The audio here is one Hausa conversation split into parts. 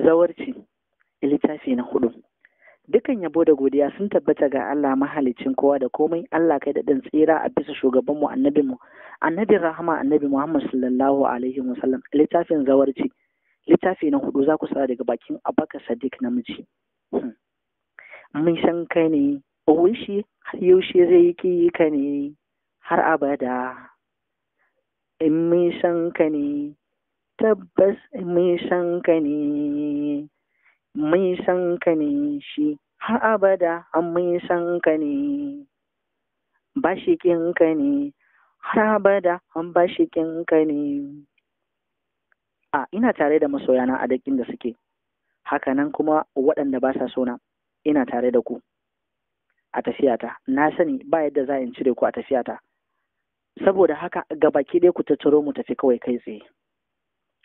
zawarci littafi na hudu dukan yabo da godiya sun tabbata ga Allah mahalicin kowa da komai Allah kai da ɗan tsira a bisa shugaban mu annabi mu annabi rahama annabi Muhammad sallallahu alaihi wasallam littafin zawarci littafi na hudu za ku sa daga bakin Abaka Sadiq namiji hmm. mun san kai ne wishi har yaushe zai yi ka ne har abada in mun san ka ne tabbas mun san ka ne mun san ka ne shi har abada an mun san ka ne bashikin ka ne har abada shi bashikin ka ne a ina tare da masoyana a dakin da suke hakanan kuma waɗanda ba sa sona ina tare da ku a tafiyata na sani ba yadda za in cire ku a tafiyata saboda haka ga baki ɗaya ku tattaro mu tafi kawai kai tsaye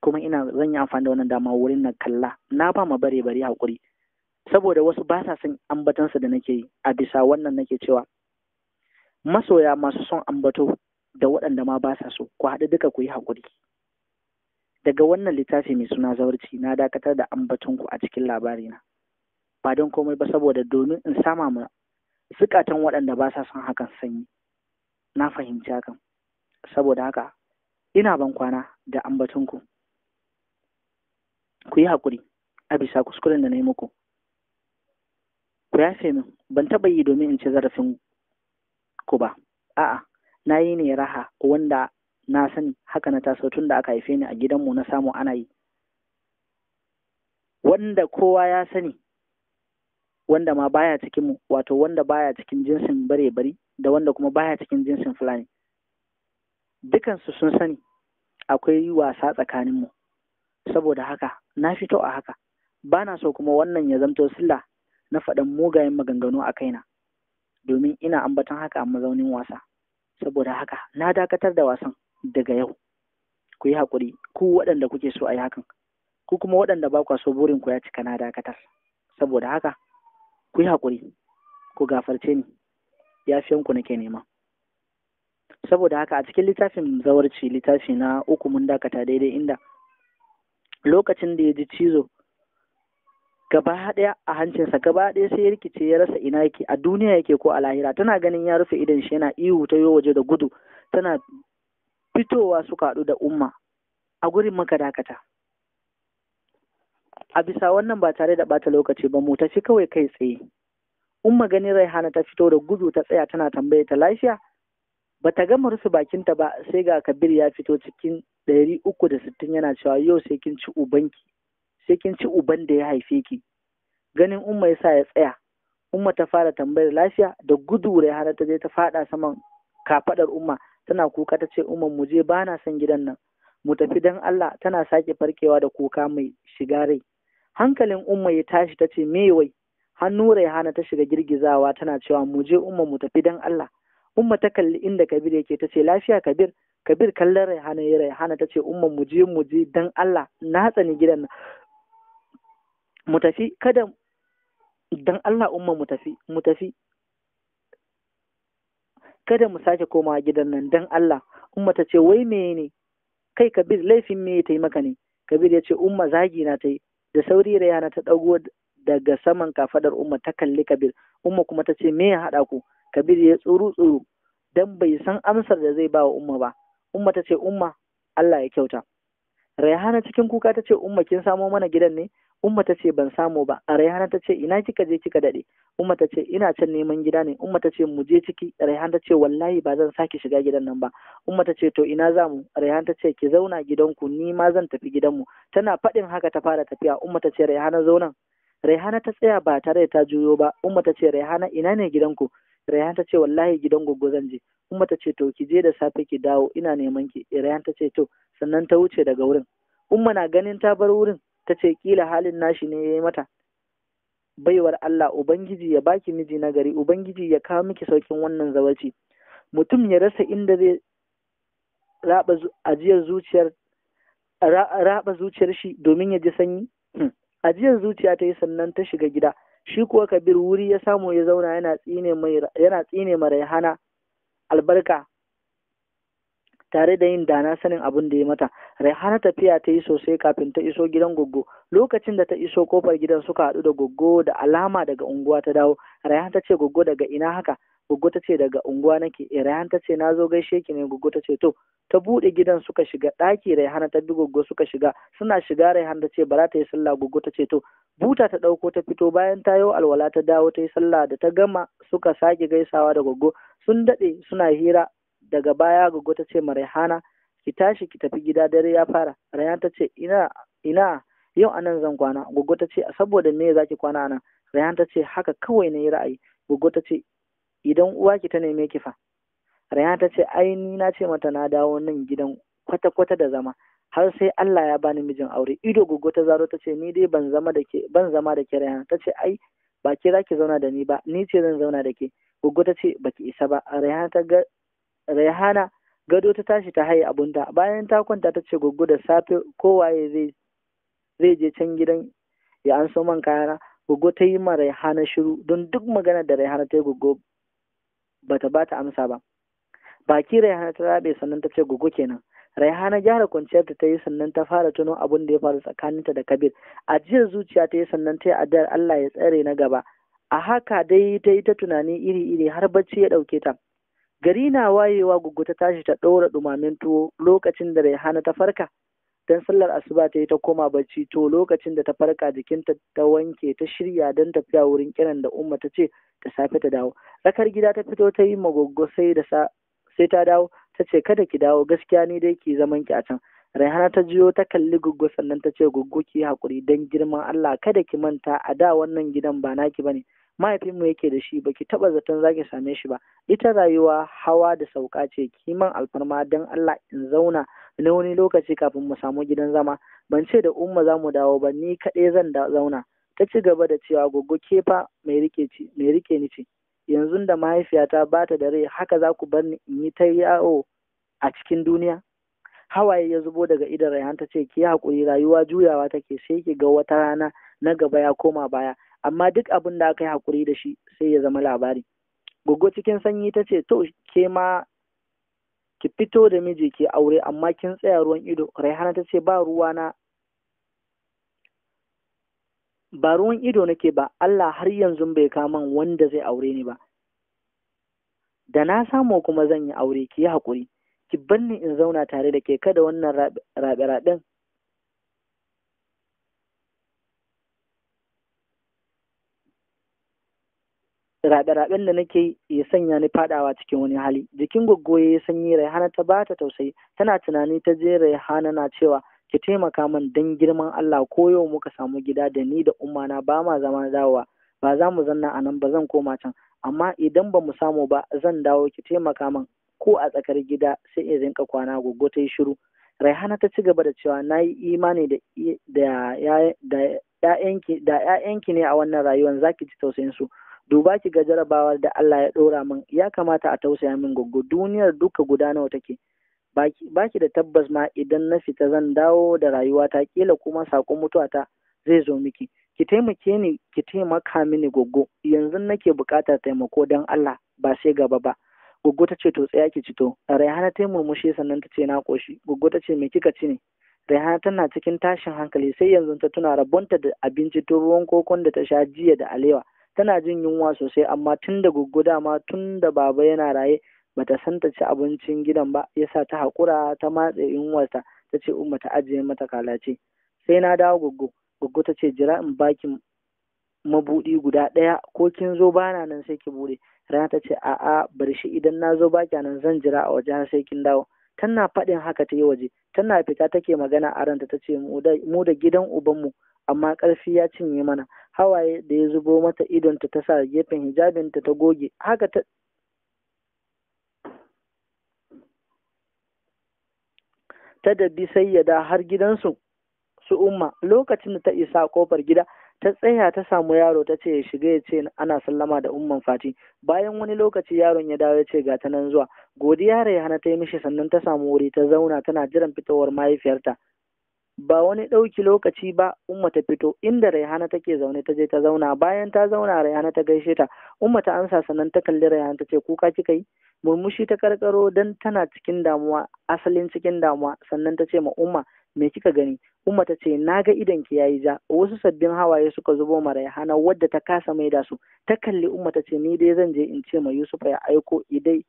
kuma ina zan yi amfani da wannan dama wurin na kalla na ba ma bare bare hakuri saboda wasu ba sa son ambatansa da nake yi a bisa wannan nake cewa masoya masu son ambato da waɗanda ma ba sa so ku haɗu duka ku yi hakuri daga wannan littafi mai suna zawarci na dakatar da ku a cikin labarina ba don komai ba saboda domin in sama ma zukatan waɗanda ba sa son hakan sanyi na fahimci hakan saboda haka ina ban kwana da ku ku yi haƙuri a bisa kuskuren da na yi muku ku ya min ban taɓa yi domin in ci zarafin ku ba a'a na yi ne raha wanda na sani haka na taso tun da aka haife ni a gidanmu na samu ana yi wanda kowa ya sani wanda ma baya cikin mu wato wanda baya cikin jinsin bare bari da wanda kuma baya cikin jinsin fulani dukansu sun sani akwai wasa tsakaninmu saboda haka na fito a haka ba na so kuma wannan ya zamto silla na faɗin mugayen maganganu a kaina domin ina ambaton haka a mazaunin wasa saboda haka na dakatar da wasan daga yau ku yi haƙuri ku waɗanda kuke so a yi hakan ku kuma waɗanda ba kwa so burin ku ya cika na dakatar saboda haka ku yi haƙuri ku gafarce ni yafiyanku nake nema saboda haka a cikin littafin zawarci littafi na uku mun dakata daidai inda lokacin da ya ji cizo gaba ɗaya a hancinsa gaba ɗaya sai ya rikice ya rasa ina yake a duniya yake ko a lahira tana ganin ya rufe idan shi yana ihu ta yo waje da gudu tana fitowa suka haɗu da umma a gurin maka dakata a bisa wannan ba tare da ɓata lokaci ba mu tafi kawai kai tsaye umma ganin raihana ta fito da gudu ta tsaya tana tambaye ta lafiya ta gama rufe bakinta ba sai ga kabir ya fito cikin ɗari uku da sittin yana cewa yau sai kin ci ubanki sai kin ci uban da ya haife ki ganin umma ya sa ya tsaya umma ta fara tambayar lafiya da gudu da har ta je ta fada saman kafaɗar umma tana kuka ta ce umma mu je bana son gidan nan mu tafi dan Allah tana sake farkewa da kuka mai shiga rai hankalin umma ya tashi ta ce me wai hannu Raihana ta shiga girgizawa tana cewa mu je umma mu tafi dan Allah umma ta kalli inda Kabir yake ta ce lafiya Kabir kabir kallon raihana ya raihana ta ce umman mu je mu je dan Allah na tsani gidan nan mu tafi kada dan Allah umman mu tafi mu tafi kada mu sake koma gidan nan dan Allah umma ta ce wai me ne kai kabir laifin me ta yi maka ne kabir ya ce umma zagi na ta yi da sauri raihana ta dago daga saman kafaɗar umma ta kalli kabir umma kuma ta ce me ya haɗa ku kabir ya tsuru tsuru dan bai san amsar da zai ba wa umma ba umma ta ce umma Allah ya kyauta Raihana cikin kuka ta ce umma kin samo mana gidan ne umma ta ce ban samu ba Rayhana ta ce ina kika je kika dade umma ta ce ina can neman gida ne umma ta ce mu je ciki Rayhana ta ce wallahi ba zan sake shiga gidan nan ba umma ta ce to ina za mu Raihana ta ce ki zauna gidanku ni ma zan tafi gidanmu tana faɗin haka ta fara tafiya umma ta ce Raihana zauna. Rayhana ta tsaya ba tare da ta juyo ba umma ta ce Raihana ina ne gidanku Rayhan ta ce wallahi gidan goggo zan je Umma ta ce to ki je da safe ki dawo ina neman ki Rayhan ta ce to sannan ta wuce daga wurin Umma na ganin ta bar wurin ta ce kila halin nashi ne yayi mata baiwar Allah ubangiji ya baki miji na gari ubangiji ya kawo miki saukin wannan zawaci mutum ya rasa inda zai raba ajiyar zuciyar raba zuciyar shi domin ya ji sanyi ajiyar zuciya ta yi sannan ta shiga gida shi kuwa kabir wuri ya samu ya zauna yana tsine mai yana ma raihana albarka tare da yin dana sanin abin da ya mata raihana tafiya ta yi sosai kafin ta iso gidan goggo lokacin da ta iso kofar gidan suka haɗu da goggo da alama daga unguwa ta dawo raihana ta ce goggo daga ina haka Goggo ta ce daga unguwa nake, eh, Rayhan ta ce na zo gaishe ki ne Goggo ta ce to ta buɗe gidan suka shiga ɗaki Rayhan ta bi Goggo suka shiga suna shiga Rayhan ta ce ba za ta yi sallah Goggo ta ce to buta ta ɗauko ta fito bayan ta yi alwala ta dawo ta yi sallah da ta gama suka sake gaisawa da Goggo sun daɗe suna hira daga baya Goggo ta ce ma hana ki tashi ki tafi gida dare ya fara Rayhan ta ce ina ina yau anan zan kwana Goggo ta ce saboda me zaki kwana anan Rayhan ta ce haka kawai na yi ra'ayi gugu ta ce idan uwaki ta neme ki fa rayan ta ce ai ni na ce mata na dawo nan gidan kwata-kwata da zama har sai Allah ya bani mijin aure ido gogo ta zaro ta ce ni dai ban zama da ke ban zama da ke rayan ta ce ai ba ke za ki zauna da ni ba ni ce zan zauna da ke gogo ta ce baki isa ba rayan ta ga Rayhana gado ta tashi ta haye abunta bayan ta kwanta ta ce gogo da safe kowaye zai zai je can gidan ya an so man kayana gogo ta yi ma rayhana shiru don duk magana da Raihana ta yi gogo bata bata amsa ba baki raihana ta rabe sannan ta ce gugu kenan raihana gyara kwanciyar ta ta yi sannan ta fara tuno abin da ya faru tsakaninta da kabir a jiya zuciya ta yi sannan ta yi addu'ar allah ya tsare na gaba a haka dai ta yi ta tunani iri iri har bacci ya ɗauke ta gari na wayewa gugu ta tashi ta ɗora ɗumamen tuwo lokacin da raihana ta farka dan sallar asuba ta yi ta koma bacci to lokacin da ta farka jikinta ta wanke ta shirya don tafiya wurin kiran da umma ta ce da safe ta dawo rakar gida ta fito ta yi magoggo sai da sa sai ta dawo ta ce kada ki dawo gaskiya ni dai ki zaman ki a can Raihana ta jiyo ta kalli guggo sannan ta ce guggo ki hakuri dan girman Allah kada ki manta a da wannan gidan ba naki bane mahaifinmu yake da shi baki taba zaton zaki same shi ba ita rayuwa hawa da sauka ce kiman alfarma don Allah in zauna na wani lokaci kafin mu samu gidan zama ban ce da umma za mu dawo ba ni kaɗai zan zauna ta ci gaba da cewa goggo ke fa mai rike ni ce yanzu da mahaifiyata ba ta da rai haka za ku bar ni in yi ta yawo a cikin duniya hawaye ya zubo daga idan rayuwa ta ce ki hakuri, rayuwa juyawa take sai ki ga wata rana na gaba ya koma baya amma duk abin da aka yi haƙuri da shi sai ya zama labari Goggo cikin sanyi ta ce to ke ma ki fito da miji ke aure amma kin tsaya ruwan ido raihana ta ce ba ruwa na. ba ruwan ido nake ba Allah har yanzu bai kama wanda zai aure ni ba da na samu kuma zan yi aure ki yi haƙuri ki banni in zauna tare da ke kada wannan raɓe-raɓen? raɓe-raɓen da nake ya sanya ni fadawa cikin wani hali jikin goggoye ya sanyi raihana ta bata tausayi tana tunani ta je raihana na cewa ki taimaka min dan girman Allah ko yau muka samu gida da ni da umma na ba ma zama dawowa ba za mu zanna a nan ba zan koma can amma idan ba mu samu ba zan dawo ki taimaka min ko a tsakar gida sai in rinka kwana goggo ta yi shiru raihana ta ci gaba da cewa na yi imani da da da ‘ya'yanki ne a wannan rayuwar zaki ji tausayin su duba ki ga jarabawar da Allah ya ɗora min ya kamata a tausaya min goggo duniyar duka guda nawa take Baki da tabbas ma idan na fita zan dawo da rayuwata kila kuma sakon mutuwata zai zo miki ki taimake ni ki taimaka mini goggo yanzu nake buƙatar taimako don Allah ba sai gaba ba goggo ta ce to tsaya ki cito raihana ta murmushi sannan ta ce na koshi goggo ta ce me kika ci ne raihana tana cikin tashin hankali sai yanzu ta tuna rabonta da abinci tun ruwan kokon da ta sha jiya da alewa tana jin yunwa sosai amma tun da goggo dama tun da baba yana raye bata san ta ci abincin gidan ba yasa ta haƙura ta matse yunwarta ta ce umma ta ajiye mata kalace sai na dawo goggo goggo ta ce jira in baki mabuɗi guda ɗaya ko kin zo bana nan sai ki bude rana ta ce a'a bar shi idan na zo baki nan zan jira a waje sai kin dawo tana faɗin haka ta yi waje tana fita take magana a ranta ta ce mu da gidan ubanmu amma ƙarfi ya cinye mana hawaye da ya zubo mata idonta ta sa gefen hijabinta ta goge haka ta ta dabi sayyada har gidansu su umma lokacin da ta isa kofar gida ta tsaya ta samu yaro ta ce ya shiga ya ce ana sallama da umman fati bayan wani lokaci yaron ya dawo ya ce ga ta nan zuwa godiya hana ta yi mishi sannan ta samu wuri ta zauna tana jiran fitowar mahaifiyarta ba wani ɗauki lokaci ba umma ta fito inda raihana take zaune ta je ta zauna bayan ta zauna raihana ta gaishe ta umma ta ansa sannan ta kalli raihana ta ce kuka kika yi murmushi ta karkaro dan tana cikin damuwa asalin cikin damuwa sannan ta ce ma umma me kika gani umma ta ce na ga idan ki yayi ja wasu sabbin hawaye suka zubo ma raihana wadda ta kasa mai da su ta kalli umma ta ce ni dai zan je in ce ma yusufa ya aiko idai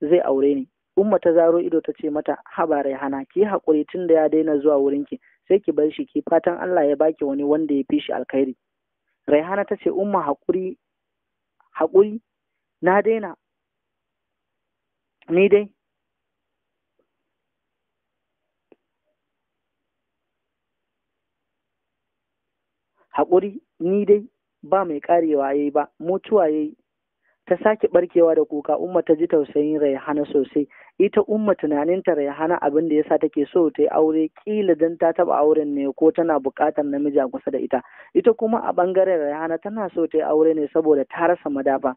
zai aure ni Umma ta zaro ido ta ce mata haba Raihana ki haƙuri tun da ya daina zuwa wurinki sai ki bar shi ki fatan Allah ya baki wani wanda ya fi shi alkhairi. Raihana ta ce Umma haƙuri haƙuri na daina ni dai haƙuri ni dai ba mai ƙarewa yayi ba mutuwa yayi ta sake barkewa da kuka umma ta ji tausayin raihana sosai ita umma tunaninta raihana abin da yasa take so ta yi aure kila dan ta taba auren ne ko tana bukatar namiji a kusa da ita ita kuma a bangaren raihana tana so ta yi aure ne saboda ta rasa madafa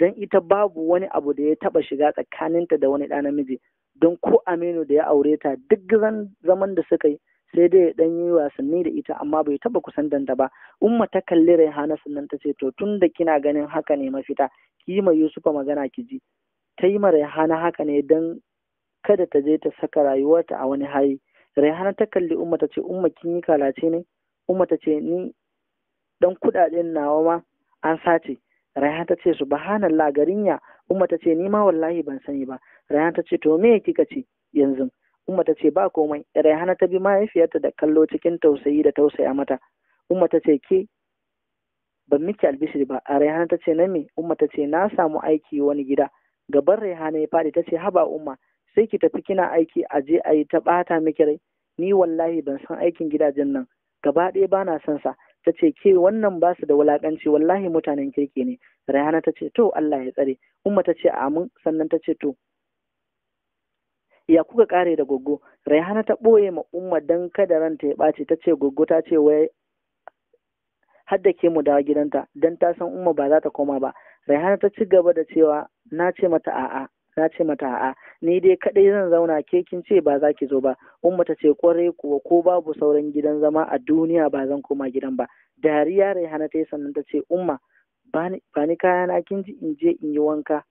dan ita babu wani abu da ya taba shiga tsakaninta da wani ɗa namiji don ko aminu da ya aure ta duk zaman da suka yi sai dai ya dan yi wasanni da ita amma bai taba kusantanta ba umma ta kalli raihana sannan ta ce to tun da kina ganin haka ne mafita ki ma yusufa magana ki ji ta yi ma raihana haka ne dan kada ta je ta saka rayuwarta a wani hali. raihana ta kalli umma ta ce umma kin yi kalace ne umma ta ce ni dan kudaden nawa ma an sace raihana ta ce subhanallah garinya umma ta ce ni ma wallahi ban sani ba raihana ta ce to me kika ce yanzu Umma ta ce ba komai, Raihana ta bi mahaifiyarta da kallo cikin tausayi da tausaya mata. Umma ta ce ke ban miki albishir ba, a Raihana ta ce na me? Umma ta ce na samu aiki wani gida. Gaban Raihana ya faɗi ta ce haba Umma, sai ki tafi kina aiki a je a yi ta ɓata miki rai. Ni wallahi ban san aikin gidajen nan, gaba ɗaya ba na son sa. Ta ce ke wannan ba su da wulaƙanci wallahi mutanen kirki ne. Raihana ta ce to Allah ya tsare. Umma ta ce amin sannan ta ce to ya kuka kare da goggo raihana ta ɓoye ma umma don kada ranta ya ɓace ta ce goggo ta ce wai har ke mu dawo gidanta don ta san umma ba za ta koma ba raihana ta ci gaba da cewa na ce mata a'a na ce mata a'a ni dai kadai zan zauna ke kin ce ba za ki zo ba umma ta ce kwarai kuwa ko babu sauran gidan zama a duniya ba zan koma gidan ba dariya raihana ta yi sannan ta ce umma ba ni kayana kin ji in je in yi wanka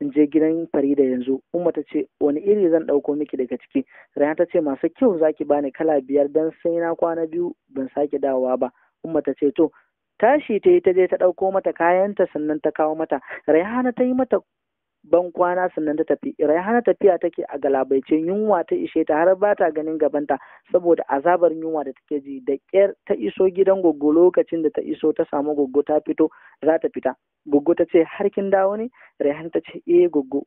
in je gidan Farida yanzu Umma ta ce wani iri zan ɗauko miki daga ciki rayan ta ce masu kyau zaki bani kala biyar dan sai na kwana biyu ban sake dawowa ba Umma ta ce to tashi ta yi ta je ta ɗauko mata kayanta sannan ta kawo mata Rayhana ta yi mata ban kwana sannan ta tafi raihana tafiya take a galabaice yunwa ta ishe ta har ba ta ganin gabanta saboda azabar yunwa da take ji da ƙyar ta iso gidan goggo lokacin da ta iso ta samu goggo ta fito za ta fita goggo ta ce har kin dawo ne raihana ta ce eh goggo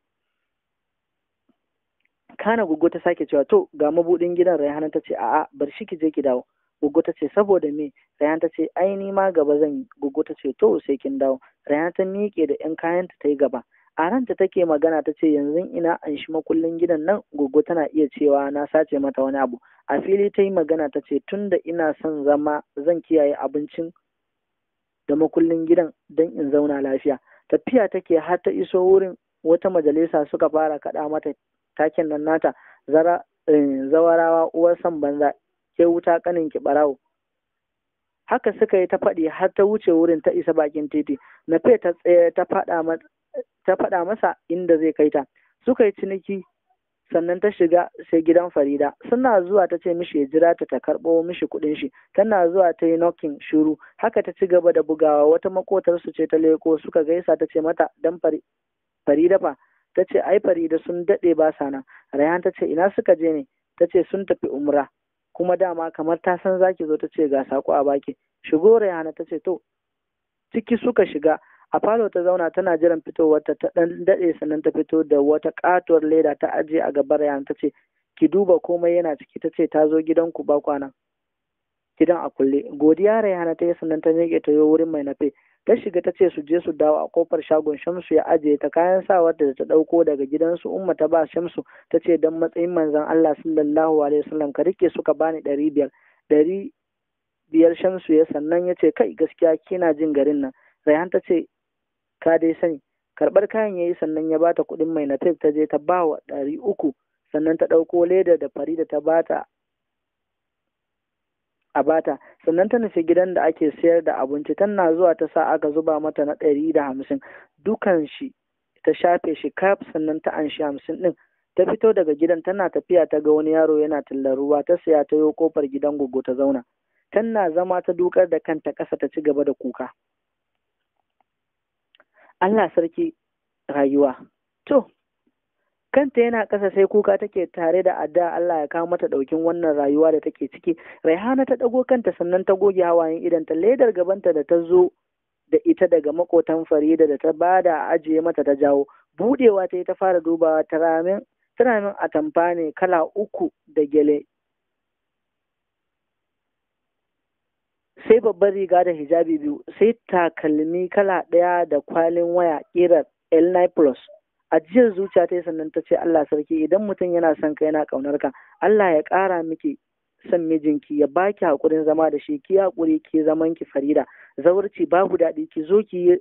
kana goggo ta sake cewa to ga mabudin gidan raihana ta ce a'a bar shi ki je ki dawo Goggo ta ce saboda me Rayan ta ce ai ni ma gaba zan yi Goggo ta ce to sai kin dawo Rayan ta miƙe da 'yan kayanta ta yi gaba a ranta take magana ta ce yanzu ina an shi makullin gidan nan gogo tana iya cewa na sace mata wani abu a fili ta yi magana ta ce tun da ina son zama zan kiyaye abincin da makullin gidan don in zauna lafiya tafiya take har ta iso wurin wata majalisa suka fara kaɗa mata takin nan nata zara eh, zawarawa uwar san banza ke wuta kanin ki barawo haka suka yi ta faɗi har ta wuce wurin ta isa bakin titi na ta ta faɗa mata. ta faɗa masa inda zai kai ta suka yi ciniki sannan ta shiga sai gidan Farida suna zuwa ta ce mishi ya jira ta ta karɓo mishi kuɗin shi tana zuwa ta yi knocking shiru haka ta ci gaba da bugawa wata makotar su ce ta leko suka gaisa ta ce mata dan Farida fa ta ce ai Farida sun daɗe ba sana Rayan ta ce ina suka je ne ta ce sun tafi umra kuma dama kamar ta san zaki zo ta ce ga sako a baki shigo Rayhana ta ce to ciki suka shiga a falo ta zauna tana jiran fitowa ta dan daɗe sannan ta fito da wata katuwar leda ta ajiye a gabar yan ta ce ki duba komai yana ciki ta ce ta zo gidanku ba kwana gidan a kulle godiya rayana ta yi sannan ta miƙe ta yo wurin mai nafe ta shiga ta ce su je su dawo a kofar shagon shamsu ya ajiye ta kayan sawar da ta ɗauko daga gidansu umma ta ba shamsu ta ce don matsayin manzon Allah sallallahu alaihi wasallam ka rike suka bani ɗari biyar ɗari biyar shamsu ya sannan ya ce kai gaskiya kina jin garin nan rayhan ta ce ka dai sani karɓar kayan yayi sannan ya bata kuɗin mai natif ta je ta ba wa ɗari uku sannan ta ɗauko leda da farida ta bata a bata sannan ta nufi gidan da ake sayar da abinci tana zuwa ta sa aka zuba mata na ɗari da hamsin dukan shi ta shafe shi kaf sannan ta anshi hamsin ɗin ta fito daga gidan tana tafiya ta ga wani yaro yana tallar ruwa ta saya ta yo kofar gidan goggo ta zauna tana zama ta dukar da kanta ƙasa ta ci gaba da kuka Allah sarki rayuwa to kanta yana ƙasa sai kuka take tare da adda Allah ya kawo mata ɗaukin wannan rayuwa da take ciki Raihana ta ɗago kanta sannan ta goge hawayen ta ledar gabanta da ta zo da ita daga makotan Farida da ta ba da ajiye mata ta jawo budewa ta yi ta fara dubawa ta turamin atamfa ne kala uku da gele sai babban riga da hijabi biyu sai takalmi kala ɗaya da kwalin waya ƙirar l plus jiyar zuciya ta yi sannan ta ce Allah sarki idan mutum yana son ka yana ƙaunar ka Allah ya ƙara miki son mijinki ya baki haƙurin zama da shi ki haƙuri ki zaman ki farida zaurci babu daɗi ki zo ki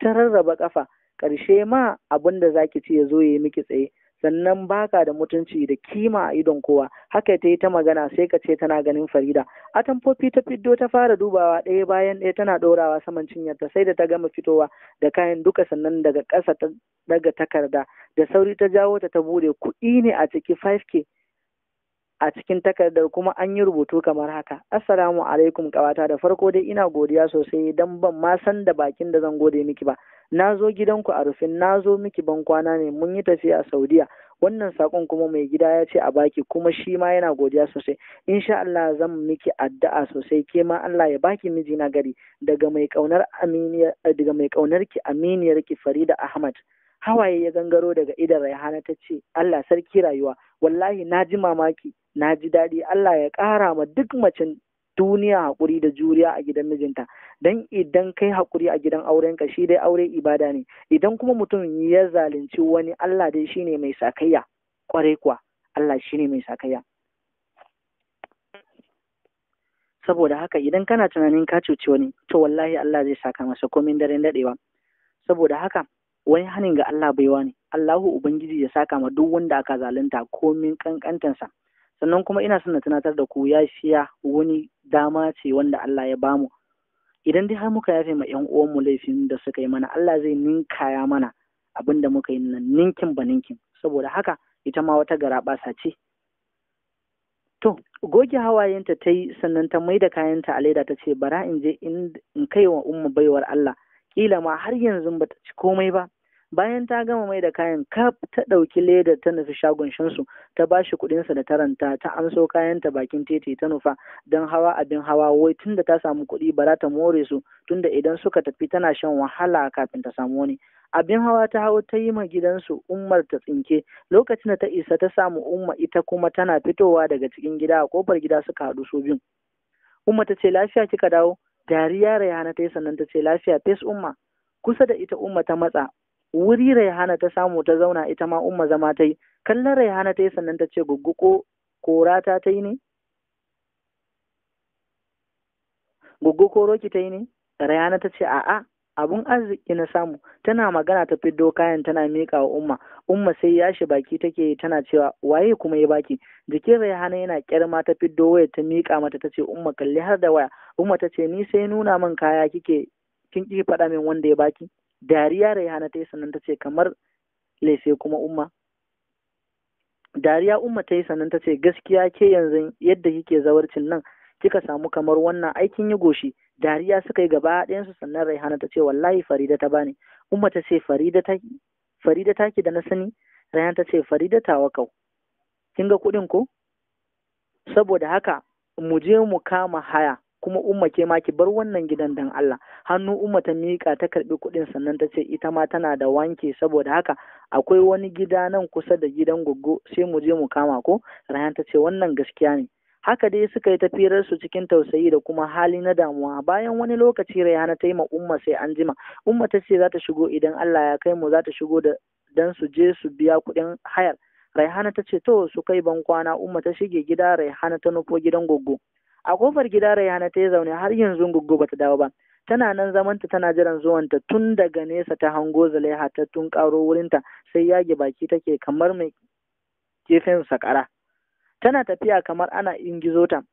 ta rarraba ƙafa ƙarshe ma abin da zaki ci ya zo ya yi miki tsaye sannan baka da mutunci da kima a idon kowa haka ta yi ta magana sai ka ce tana ganin farida a tamfofi ta fiddo ta fara dubawa ɗaya bayan ɗaya tana ɗorawa saman cinyarta sai da ta gama fitowa da kayan duka sannan daga ƙasa ta daga takarda da sauri ta jawo ta ta bude kuɗi ne a ciki 5k a cikin takardar kuma an yi rubutu kamar haka assalamu alaikum kawata da farko dai ina godiya sosai dan ban ma san da bakin da zan gode miki ba na zo gidanku a rufin na zo miki ban kwana ne mun yi tafiya a saudiya wannan sakon kuma mai gida ya ce a baki kuma shi ma yana godiya sosai insha Allah zan miki addu'a sosai ke ma Allah ya baki miji na gari daga mai kaunar ki aminiyar ki Farida Ahmad hawaye ya gangaro daga idan Raihana ta ce Allah sarki rayuwa wallahi na ji mamaki na ji daɗi Allah ya ƙara ma duk macen duniya haƙuri da juriya a gidan mijinta don idan kai haƙuri a gidan aurenka shi dai aure ibada ne idan kuma mutum ya zalunci wani Allah dai shine mai sakayya kwarai kuwa Allah shine mai sakayya saboda haka idan kana tunanin ka cuci wani to wallahi Allah zai saka masa komin daren daɗewa. saboda haka wani hanin ga Allah baiwa ne Allahu ubangiji ya saka ma duk wanda aka zalunta komin kankantansa sannan kuma ina son na tunatar da ku yafiya wani dama ce wanda Allah ya bamu idan dai har muka yafe ma ƴan mu laifin da suka yi mana Allah zai ninkaya mana abin da muka yi nan ninkin ba ninkin saboda haka ita ma wata garaɓasa ce to goge hawayenta ta yi sannan ta mai da kayanta a leda ta ce bara in je in kai wa umma baiwar Allah kila ma har yanzu ba ta ci komai ba bayan ta gama mai da kayan kaf ta ɗauki leda ta nufi shagon shansu ta ba shi kuɗinsa da taranta ta amso ta bakin titi ta nufa don hawa abin hawa wai tunda ta samu kuɗi bara ta more su tunda idan suka tafi tana shan wahala kafin ta samu wani abin hawa ta hau ta yi ma gidansu ummar ta tsinke lokacin da ta isa ta samu umma ita kuma tana fitowa daga cikin gida a kofar gida suka haɗu su biyun umma ta ce lafiya kika dawo dariya rayana ta yi sannan ta ce lafiya fes umma kusa da ita umma ta matsa wuri raihana ta samu ta zauna ita ma umma zama ta yi kallon raihana ta yi sannan ta ce guggu ko ta yi ne guggu ko roki ta yi ne raihana ta ce a'a abun arziki na samu tana magana ta fiddo kayan tana miƙa wa umma umma sai yashi baki take tana cewa waye kuma ya baki jikin raihana yana kyarma ta fiddo waya ta miƙa mata ta ce umma kalli har da waya umma ta ce ni sai nuna min kaya kike kin ki faɗa min wanda ya baki dariya hana ta yi sannan ta ce kamar laife kuma umma dariya umma ta yi sannan ta ce gaskiya ke yanzu yadda kike zawarcin nan kika samu kamar wannan aikin yi goshi dariya suka yi gaba ɗayansu sannan hana ta ce wallahi farida ta bani umma ta ce farida ta farida ki da na sani raihana ta ce farida ta wakau kin ga kuɗin ko saboda haka mu je mu kama haya kuma umma ke ma ki bar wannan gidan dan Allah hannu umma ta miƙa ta karbi kuɗin sannan ta ce ita ma tana da wanke saboda haka akwai wani gida nan kusa da gidan goggo sai mu je mu kama ko Rayan ta ce wannan gaskiya ne haka dai suka yi tafiyar su cikin tausayi da kuma hali na damuwa bayan wani lokaci Rayana ta yi ma umma sai an jima umma ta ce za ta shigo idan Allah ya kai mu za ta shigo da dan su je su biya kuɗin hayar Raihana ta ce to su kai ban kwana umma ta shige gida Raihana ta nufo gidan goggo a kofar gida rayana ta yi zaune har yanzu guggu bata dawo ba tana nan zamanta tana jiran zuwanta tun daga nesa ta hango zalaiha ta tun karo wurinta sai yage baki take kamar mai gefen sakara tana tafiya kamar ana ingizo ta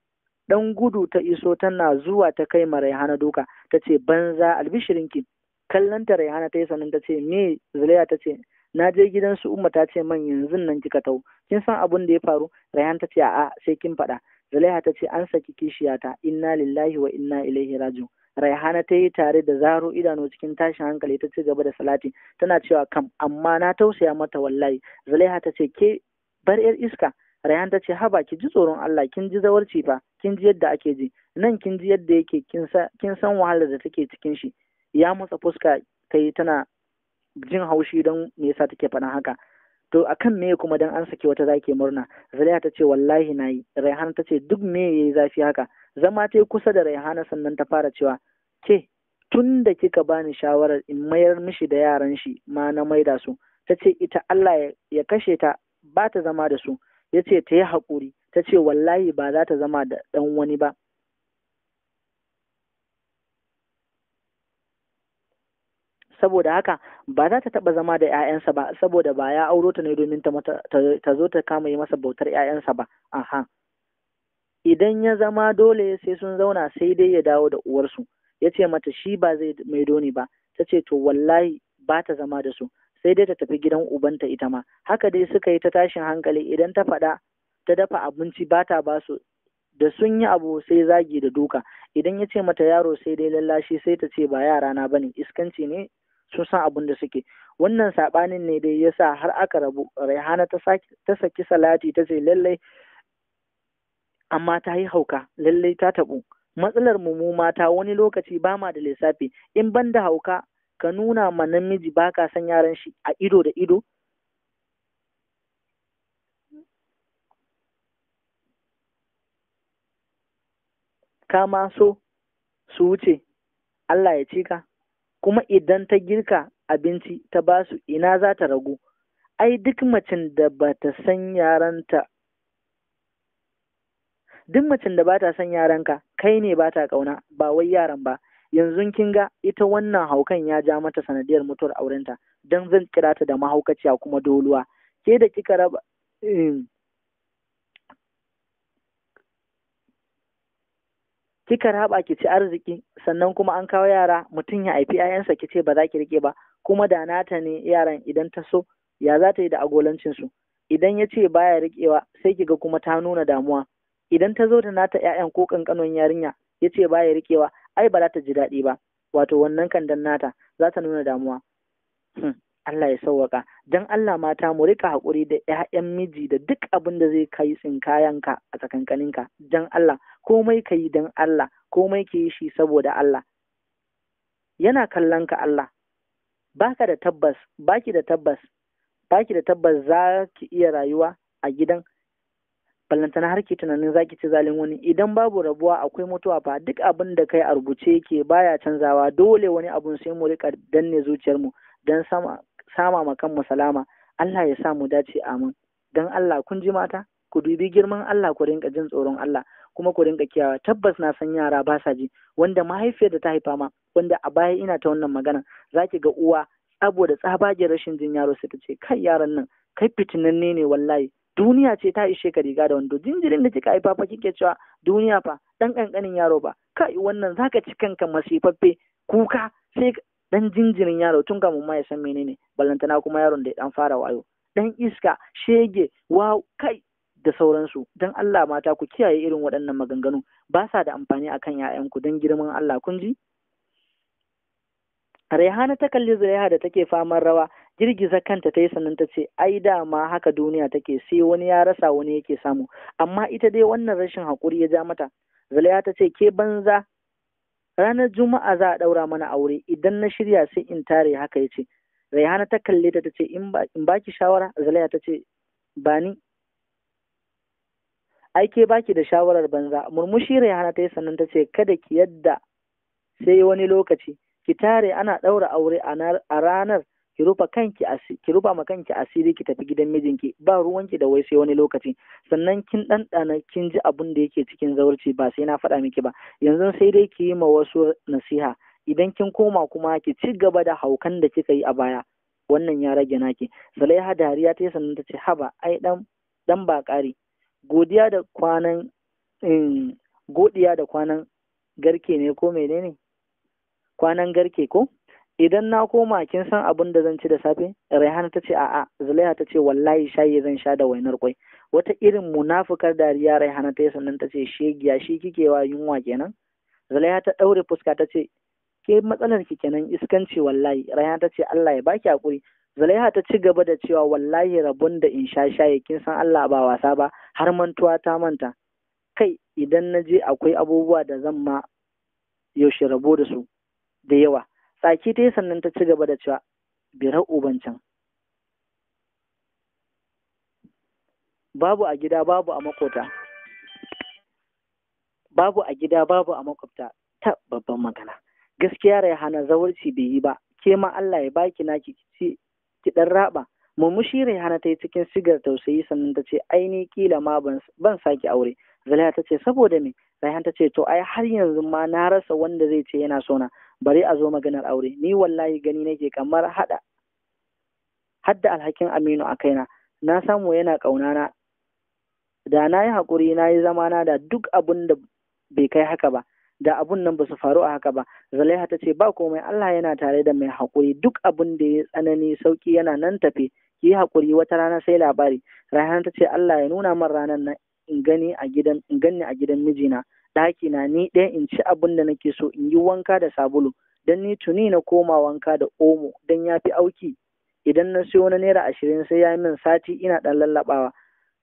dan gudu ta iso tana zuwa ta kai ma raihana doka ta ce banza albishirinki kallon ta raihana ta yi sanin ta ce me zulaiha ta ce na je gidan su umma ta ce man yanzu nan kika tau kin san abun da ya faru raihan ta ce a'a sai kin faɗa Zulaiha ta ce an saki kishiyata inna lillahi wa inna ilaihi raji'un. Raihana ta yi tare da zaro idanu cikin tashin hankali ta ci gaba da salati tana cewa kam amma na tausaya mata wallahi Zulaiha ta ce ke bar yar iska raihana ta ce haba ki ji tsoron Allah kin ji zawarci fa kin ji yadda ake ji nan kin ji yadda yake kin san wahalar da take cikin shi ya matsa fuska ta yi tana jin haushi don me yasa take faɗin haka to akan me kuma dan an saki wata zaki murna Zaliya ta ce wallahi na yi raihana ta ce duk me ya yi zafi haka zama ta yi kusa da raihana sannan ta fara cewa ke tun da kika bani shawarar in mayar mishi da yaran shi ma na maida su ta ce ita Allah ya kashe ta ba ta zama da su ya ce ta yi haƙuri ta ce wallahi ba za ta zama da ɗan wani ba saboda haka ba za ta taba zama da 'ya'yansa ba saboda ba ya auro ta ne domin ta zo ta kama yi masa bautar 'ya'yansa ba aha idan ya zama dole sai sun zauna sai dai ya dawo da uwarsu ya ce mata shi ba zai mai doni ba ta ce to wallahi ba ta zama da su sai dai ta tafi gidan ubanta ita ma haka dai suka yi ta tashin hankali idan ta faɗa ta dafa abinci ba ta ba su da sun yi abu sai zagi da duka idan ya ce mata yaro sai dai lallashi sai ta ce ba yara na bane iskanci ne sun san abin da suke wannan saɓanin ne dai sa har aka rabu raihana ta saki salati ta ce lallai amma ta yi hauka lallai ta taɓu matsalar mu mu mata wani lokaci ba ma da lissafi in ban da hauka ka nuna ma namiji ba ka san yaran shi a ido da ido ka ma so su wuce Allah ya ci ka kuma idan ta girka abinci ta ba su ina za ta ragu ai duk macin da ba ta san yaranta duk macin da ba ta san yaranka kai ne ba ta kauna ba wai yaran ba yanzu kin ga ita wannan haukan ya ja mata sanadiyar mutuwar aurenta don zan kira ta da mahaukaciya kuma doluwa ke da kika raba eh, kika raba ki ci arziki sannan kuma an kawo yara mutum ya haifi 'ya'yansa ki ce ba za ki rike ba kuma da nata ne yaran idan ta so ya za ta yi da agolancin su idan ya ce baya rikewa sai ki ga kuma ta nuna damuwa idan ta zo da nata ƴaƴan ko kankanon yarinya ya ce baya rikewa ai ba za ta ji daɗi ba wato wannan kandan nata za ta nuna damuwa hmm, Allah ya sauwaka don Allah mata mu rika haƙuri da 'ya'yan miji da duk abin da zai kai tsinkayanka a tsakankaninka don Allah komai ka yi don Allah komai ka yi shi saboda Allah yana kallon ka Allah baka da tabbas baki da tabbas baki da tabbas za ki iya rayuwa a gidan ballantana har ki tunanin za ki ci zalin wani idan babu rabuwa akwai mutuwa ba duk abin da kai a rubuce yake baya canzawa dole wani abun sai mu rika danne zuciyarmu don sama ma kanmu salama Allah ya sa mu dace amin don Allah kun ji mata ku dubi girman Allah ku rinka jin tsoron Allah kuma ku rinka kiyawa tabbas na san yara ba sa ji wanda mahaifiyar da ta haifa ma wanda a baya ina ta wannan magana ki ga uwa tsaba tsabagen rashin jin yaro sai ta ce kai yaron nan kai fitinanne ne wallahi duniya ce ta ishe ka riga da wando jinjirin da kika haifa fa kike cewa duniya fa dan kankanin yaro ba kai wannan zaka ci kanka masifaffe kuka sai dan jinjirin yaro tun ga mamma ya san menene ballantana kuma yaron da ya dan fara wayo dan iska shege wa kai da sauransu don Allah mata ku kiyaye irin waɗannan maganganu ba sa da amfani a kan 'ya'yanku don girman Allah kun ji Raihana ta kalli Zulaiha da take faman rawa girgiza kanta ta yi sannan ta ce ai da ma haka duniya take sai wani ya rasa wani yake samu amma ita dai wannan rashin haƙuri ya ja mata Zulaiha ta ce ke banza ranar juma'a za a ɗaura mana aure idan na shirya sai in tare haka ya ce Raihana ta kalle ta ta ce in baki shawara Zulaiha ta ce ba ni ai ke baki da shawarar banza murmushi Rayhana ta yi sannan ta ce kada ki yadda sai wani lokaci ki tare ana ɗaura aure a ranar ki rufa kanki ki rufa ma kanki asiri ki tafi gidan mijinki ba ruwanki da wai sai wani lokaci sannan kin ɗanɗana kin ji abun da yake cikin zaurci ba sai na faɗa miki ba yanzu sai dai ki yi ma wasu nasiha idan kin koma kuma ki ci gaba da haukan da kika yi a baya wannan ya rage naki Salaiha dariya ta yi sannan ta ce haba ai dan dan ba ƙari godiya da kwanan godiya da kwanan garke ne ko menene kwanan garke ko idan na koma kin san abin da zan ci da safe raihana tace ce a'a zulaiha tace wallahi shayi zan sha da wainar kwai wata irin munafukar dariya raihana ta yi sannan ta shegiya shi wa yunwa kenan zulaiha ta ɗaure fuska ta ce ke matsalar ki kenan iskanci wallahi raihana tace Allah ya baki hakuri Zulaiha ta ci gaba da cewa wallahi rabon da in sha shaye kin san Allah ba wasa ba har mantuwa ta manta. Kai idan na je akwai abubuwa da zan ma yaushe rabo da su da yawa. Tsaki ta yi sannan ta ci gaba da cewa bira ubancan. Babu a gida babu a makota. Babu a gida babu a makwabta ta babban magana. Gaskiya Raihana zawarci bai yi ba, ke ma Allah ya baki naki ki ki dan raba murmushi hana ta yi cikin sigar tausayi sannan ta ce ai ni kila ma ban saki aure Zaliya ta ce saboda me Raihan ta ce to ai har yanzu ma na rasa wanda zai ce yana sona bari a zo maganar aure ni wallahi gani nake kamar hada hadda alhakin Aminu a kaina na samu yana na. da na yi haƙuri na yi zamana da duk abun da bai kai haka ba da abun nan ba su faru a haka ba zalaiha ta ce ba komai Allah yana tare da mai haƙuri duk abun da ya tsanani sauki yana nan tafe ki yi haƙuri wata rana sai labari rahana ta ce Allah ya nuna min ranar nan in gani a gidan in gani a gidan mijina ɗaki na ni ɗaya in ci abun da nake so in yi wanka da sabulu dan ni tuni na koma wanka da omo dan ya fi auki idan na siyo na naira ashirin sai ya min sati ina ɗan lallaɓawa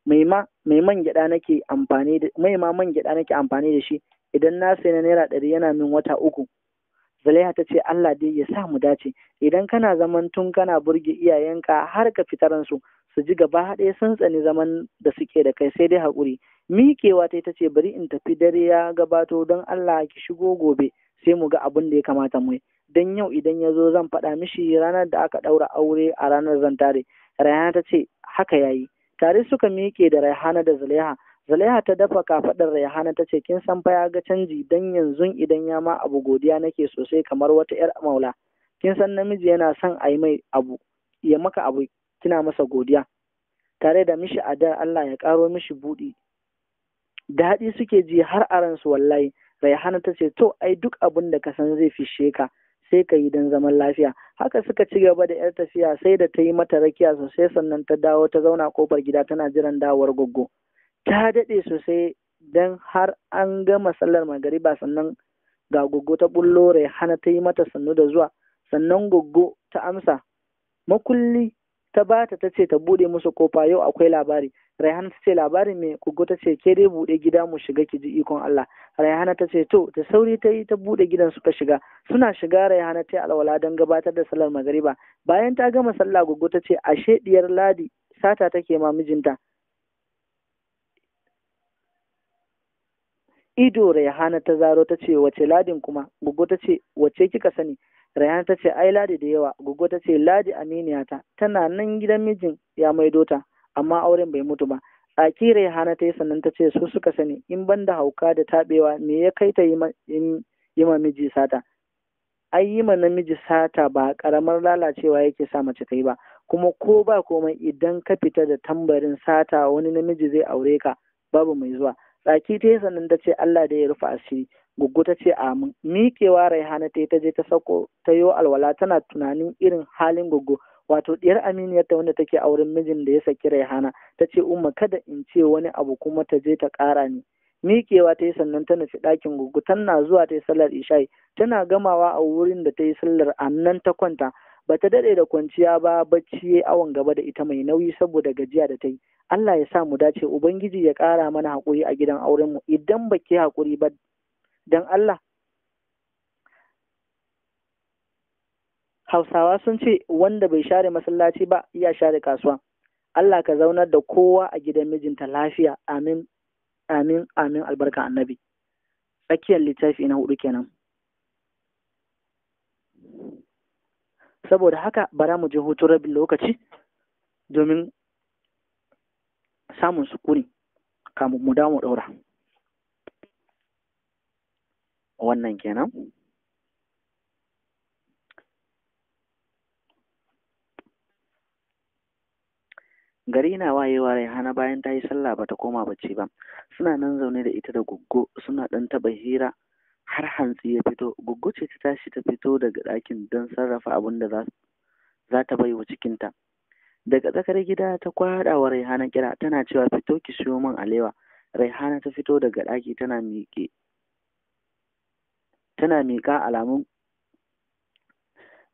mai ma man gyaɗa nake amfani da mai ma man gyaɗa nake amfani da shi idan na sayi na naira ɗari yana min wata uku Zalaiha ta ce Allah dai ya sa mu dace idan kana zaman tun kana burge iyayenka har ka fitaran su su ji gaba ɗaya sun tsani zaman da suke da kai sai dai haƙuri miƙewa ta ta ce bari in tafi dare ya gabato don Allah ki shigo gobe sai mu ga abin da ya kamata mu yi don yau idan ya zo zan faɗa mishi ranar da aka ɗaura aure a ranar zan tare Rayana ta ce haka yayi tare suka miƙe da Raihana da Zulaiha Zulaiha ta dafa kafaɗar Raihana ta ce kin san fa ya ga canji dan yanzu idan ya ma abu godiya nake sosai kamar wata yar maula. Kin san namiji yana son a yi mai abu ya maka abu kina masa godiya tare da mishi adar Allah ya karo mishi buɗi. Daɗi suke ji har a ransu wallahi Raihana ta ce to ai duk abin da ka san zai fishe ka sai ka yi don zaman lafiya haka suka ci gaba da 'yar tafiya sai da ta yi mata rakiya sosai sannan ta dawo ta zauna kofar gida tana jiran dawar goggo. ta daɗe sosai don har an gama sallar magariba sannan ga goggo ta bullo hana ta yi mata sannu da zuwa sannan goggo ta amsa makulli ta ba ta ce ta bude musu kofa yau akwai labari raihana ta ce labarin mai goggo ta ce ke dai bude gida mu shiga ki ji ikon Allah raihana ta ce to da sauri ta yi ta bude gidan suka shiga suna shiga raihana ta alwala don gabatar da sallar magariba bayan ta gama sallah goggo ta ce ashe diyar ladi sata take ma mijinta ido Raihana ta zaro ta ce wace ladin kuma gugu ta ce wace kika sani Raihana ta ce ai ladi da yawa gugu ta ce ladi aminiyata tana nan gidan mijin ya maido ta amma auren bai mutu ba tsaki Raihana ta yi sannan ta ce su suka sani in ban da hauka da taɓewa me ya kai ta yi ma miji sata ai yi ma namiji sata ba karamar lalacewa yake sa mace ta yi ba kuma ko ba komai idan ka fita da tambarin sata wani namiji zai aure ka babu mai zuwa tsaki ta yi sannan ta ce Allah da ya rufe asiri Gugu ta ce amin miƙewa raihana ta ta je ta sako ta yi alwala tana tunanin irin halin guggu wato diyar aminiyar ta wanda take auren mijin da ya saki raihana ta ce umma kada in ce wani abu kuma ta je ta ƙara ni miƙewa ta yi sannan ta nufi ɗakin guggu tana zuwa ta yi sallar isha'i tana gamawa a wurin da ta yi sallar annan ta kwanta bata daɗe da kwanciya ba bacci ya awon gaba da ita mai nauyi saboda gajiya da ta yi Allah ya sa mu dace ubangiji ya ƙara mana haƙuri a gidan aurenmu idan ba ki haƙuri ba don Allah Hausawa sun ce wanda bai share masallaci ba ya share kasuwa Allah ka zaunar da kowa a gidan mijinta lafiya amin amin amin albarka annabi tsakiyar littafi na hudu kenan saboda haka bara mu je hutun rabin lokaci domin samun sukuni kamun mu damu ɗaura wannan kenan gari na wayewa hana bayan ta yi sallah ta koma bacci ba suna nan zaune da ita da goggo suna ɗan taɓa hira har hantsi ya fito goggo ce ta tashi ta fito daga ɗakin don sarrafa abin da za ta bai wa cikinta daga tsakar gida ta kwada wa raihana kira tana cewa fito ki siyo min alewa raihana ta fito daga ɗaki tana miƙe tana miƙa alamun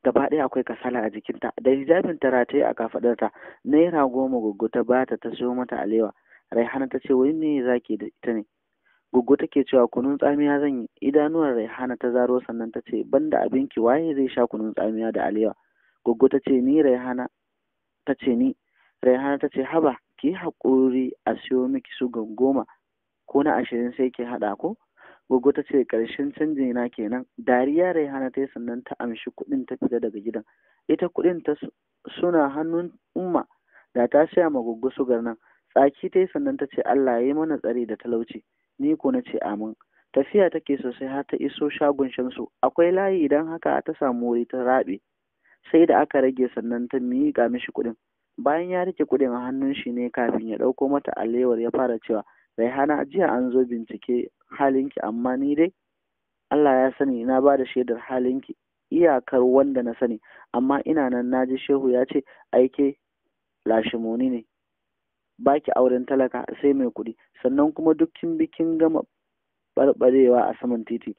gaba ɗaya akwai kasala a jikinta da hijabin ta rataye a kafadarta naira goma goggo ta bata ta siyo mata alewa raihana ta ce wai me zaki da ita ne Goggo take cewa kunun tsamiya zan yi idanuwar raihana ta zaro sannan ta ce banda abinki waye zai sha kunun tsamiya da alewa Goggo ta ce ni raihana ta ce ni raihana ta ce haba ki haƙuri a siyo miki suga goma ko na ashirin sai ki haɗa ko Goggo ta ce ƙarshen canji na kenan dariya raihana ta yi sannan ta amshi kuɗin ta fita daga gidan ita kuɗin ta suna hannun umma da ta saya ma goggo sugar nan tsaki ta yi sannan ta ce allah ya yi mana tsari da talauci ni ko na ce amin tafiya take sosai har ta iso shagon shamsu akwai layi idan haka ta samu wuri ta raɓe sai da aka rage sannan ta miƙa mishi kuɗin bayan ya rike kuɗin a hannun shi ne kafin ya ɗauko mata alewar ya fara cewa raihana jiya an zo bincike halinki amma ni dai Allah ya sani na ba da shaidar halinki iyakar wanda na sani amma ina nan na ji shehu ya ce aike lashimoni ne baki auren talaka sai mai kuɗi sannan kuma duk kin bi gama barbarewa a saman titi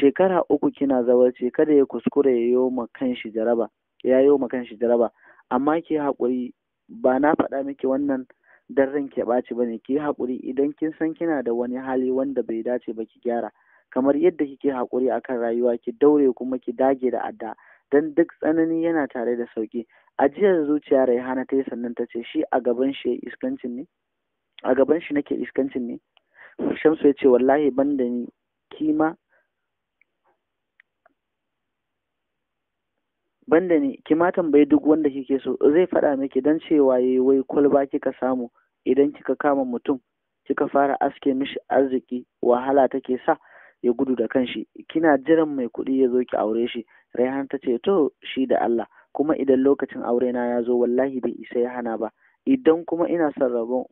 shekara uku kina zawarce kada ya kuskure ya yi ma kanshi jaraba ya yi wa kanshi jaraba amma kiyi haƙuri ba na faɗa miki wannan dan ran ke ɓaci ne. ki haƙuri idan kin san kina da wani hali wanda bai dace ba ki gyara kamar yadda kike haƙuri kan rayuwa ki daure kuma ki dage da adda dan duk tsanani yana tare da sauki da zuciya raihana ta yi sannan ta ce shi a gaban shi iskancin ne a gaban shi nake iskancin ne shamsu ya ce wallahi ban da ni kima banda ni ki ma tambayi duk wanda kike so zai faɗa miki dan cewa yayi wai kwalba kika samu idan kika kama mutum kika fara aske mishi arziki wahala take sa ya gudu da kanshi kina jiran mai kuɗi ya zo ki aure shi Raihan ta ce to shi da Allah kuma idan lokacin aure na ya zo wallahi bai isa ya hana ba idan kuma ina son rabon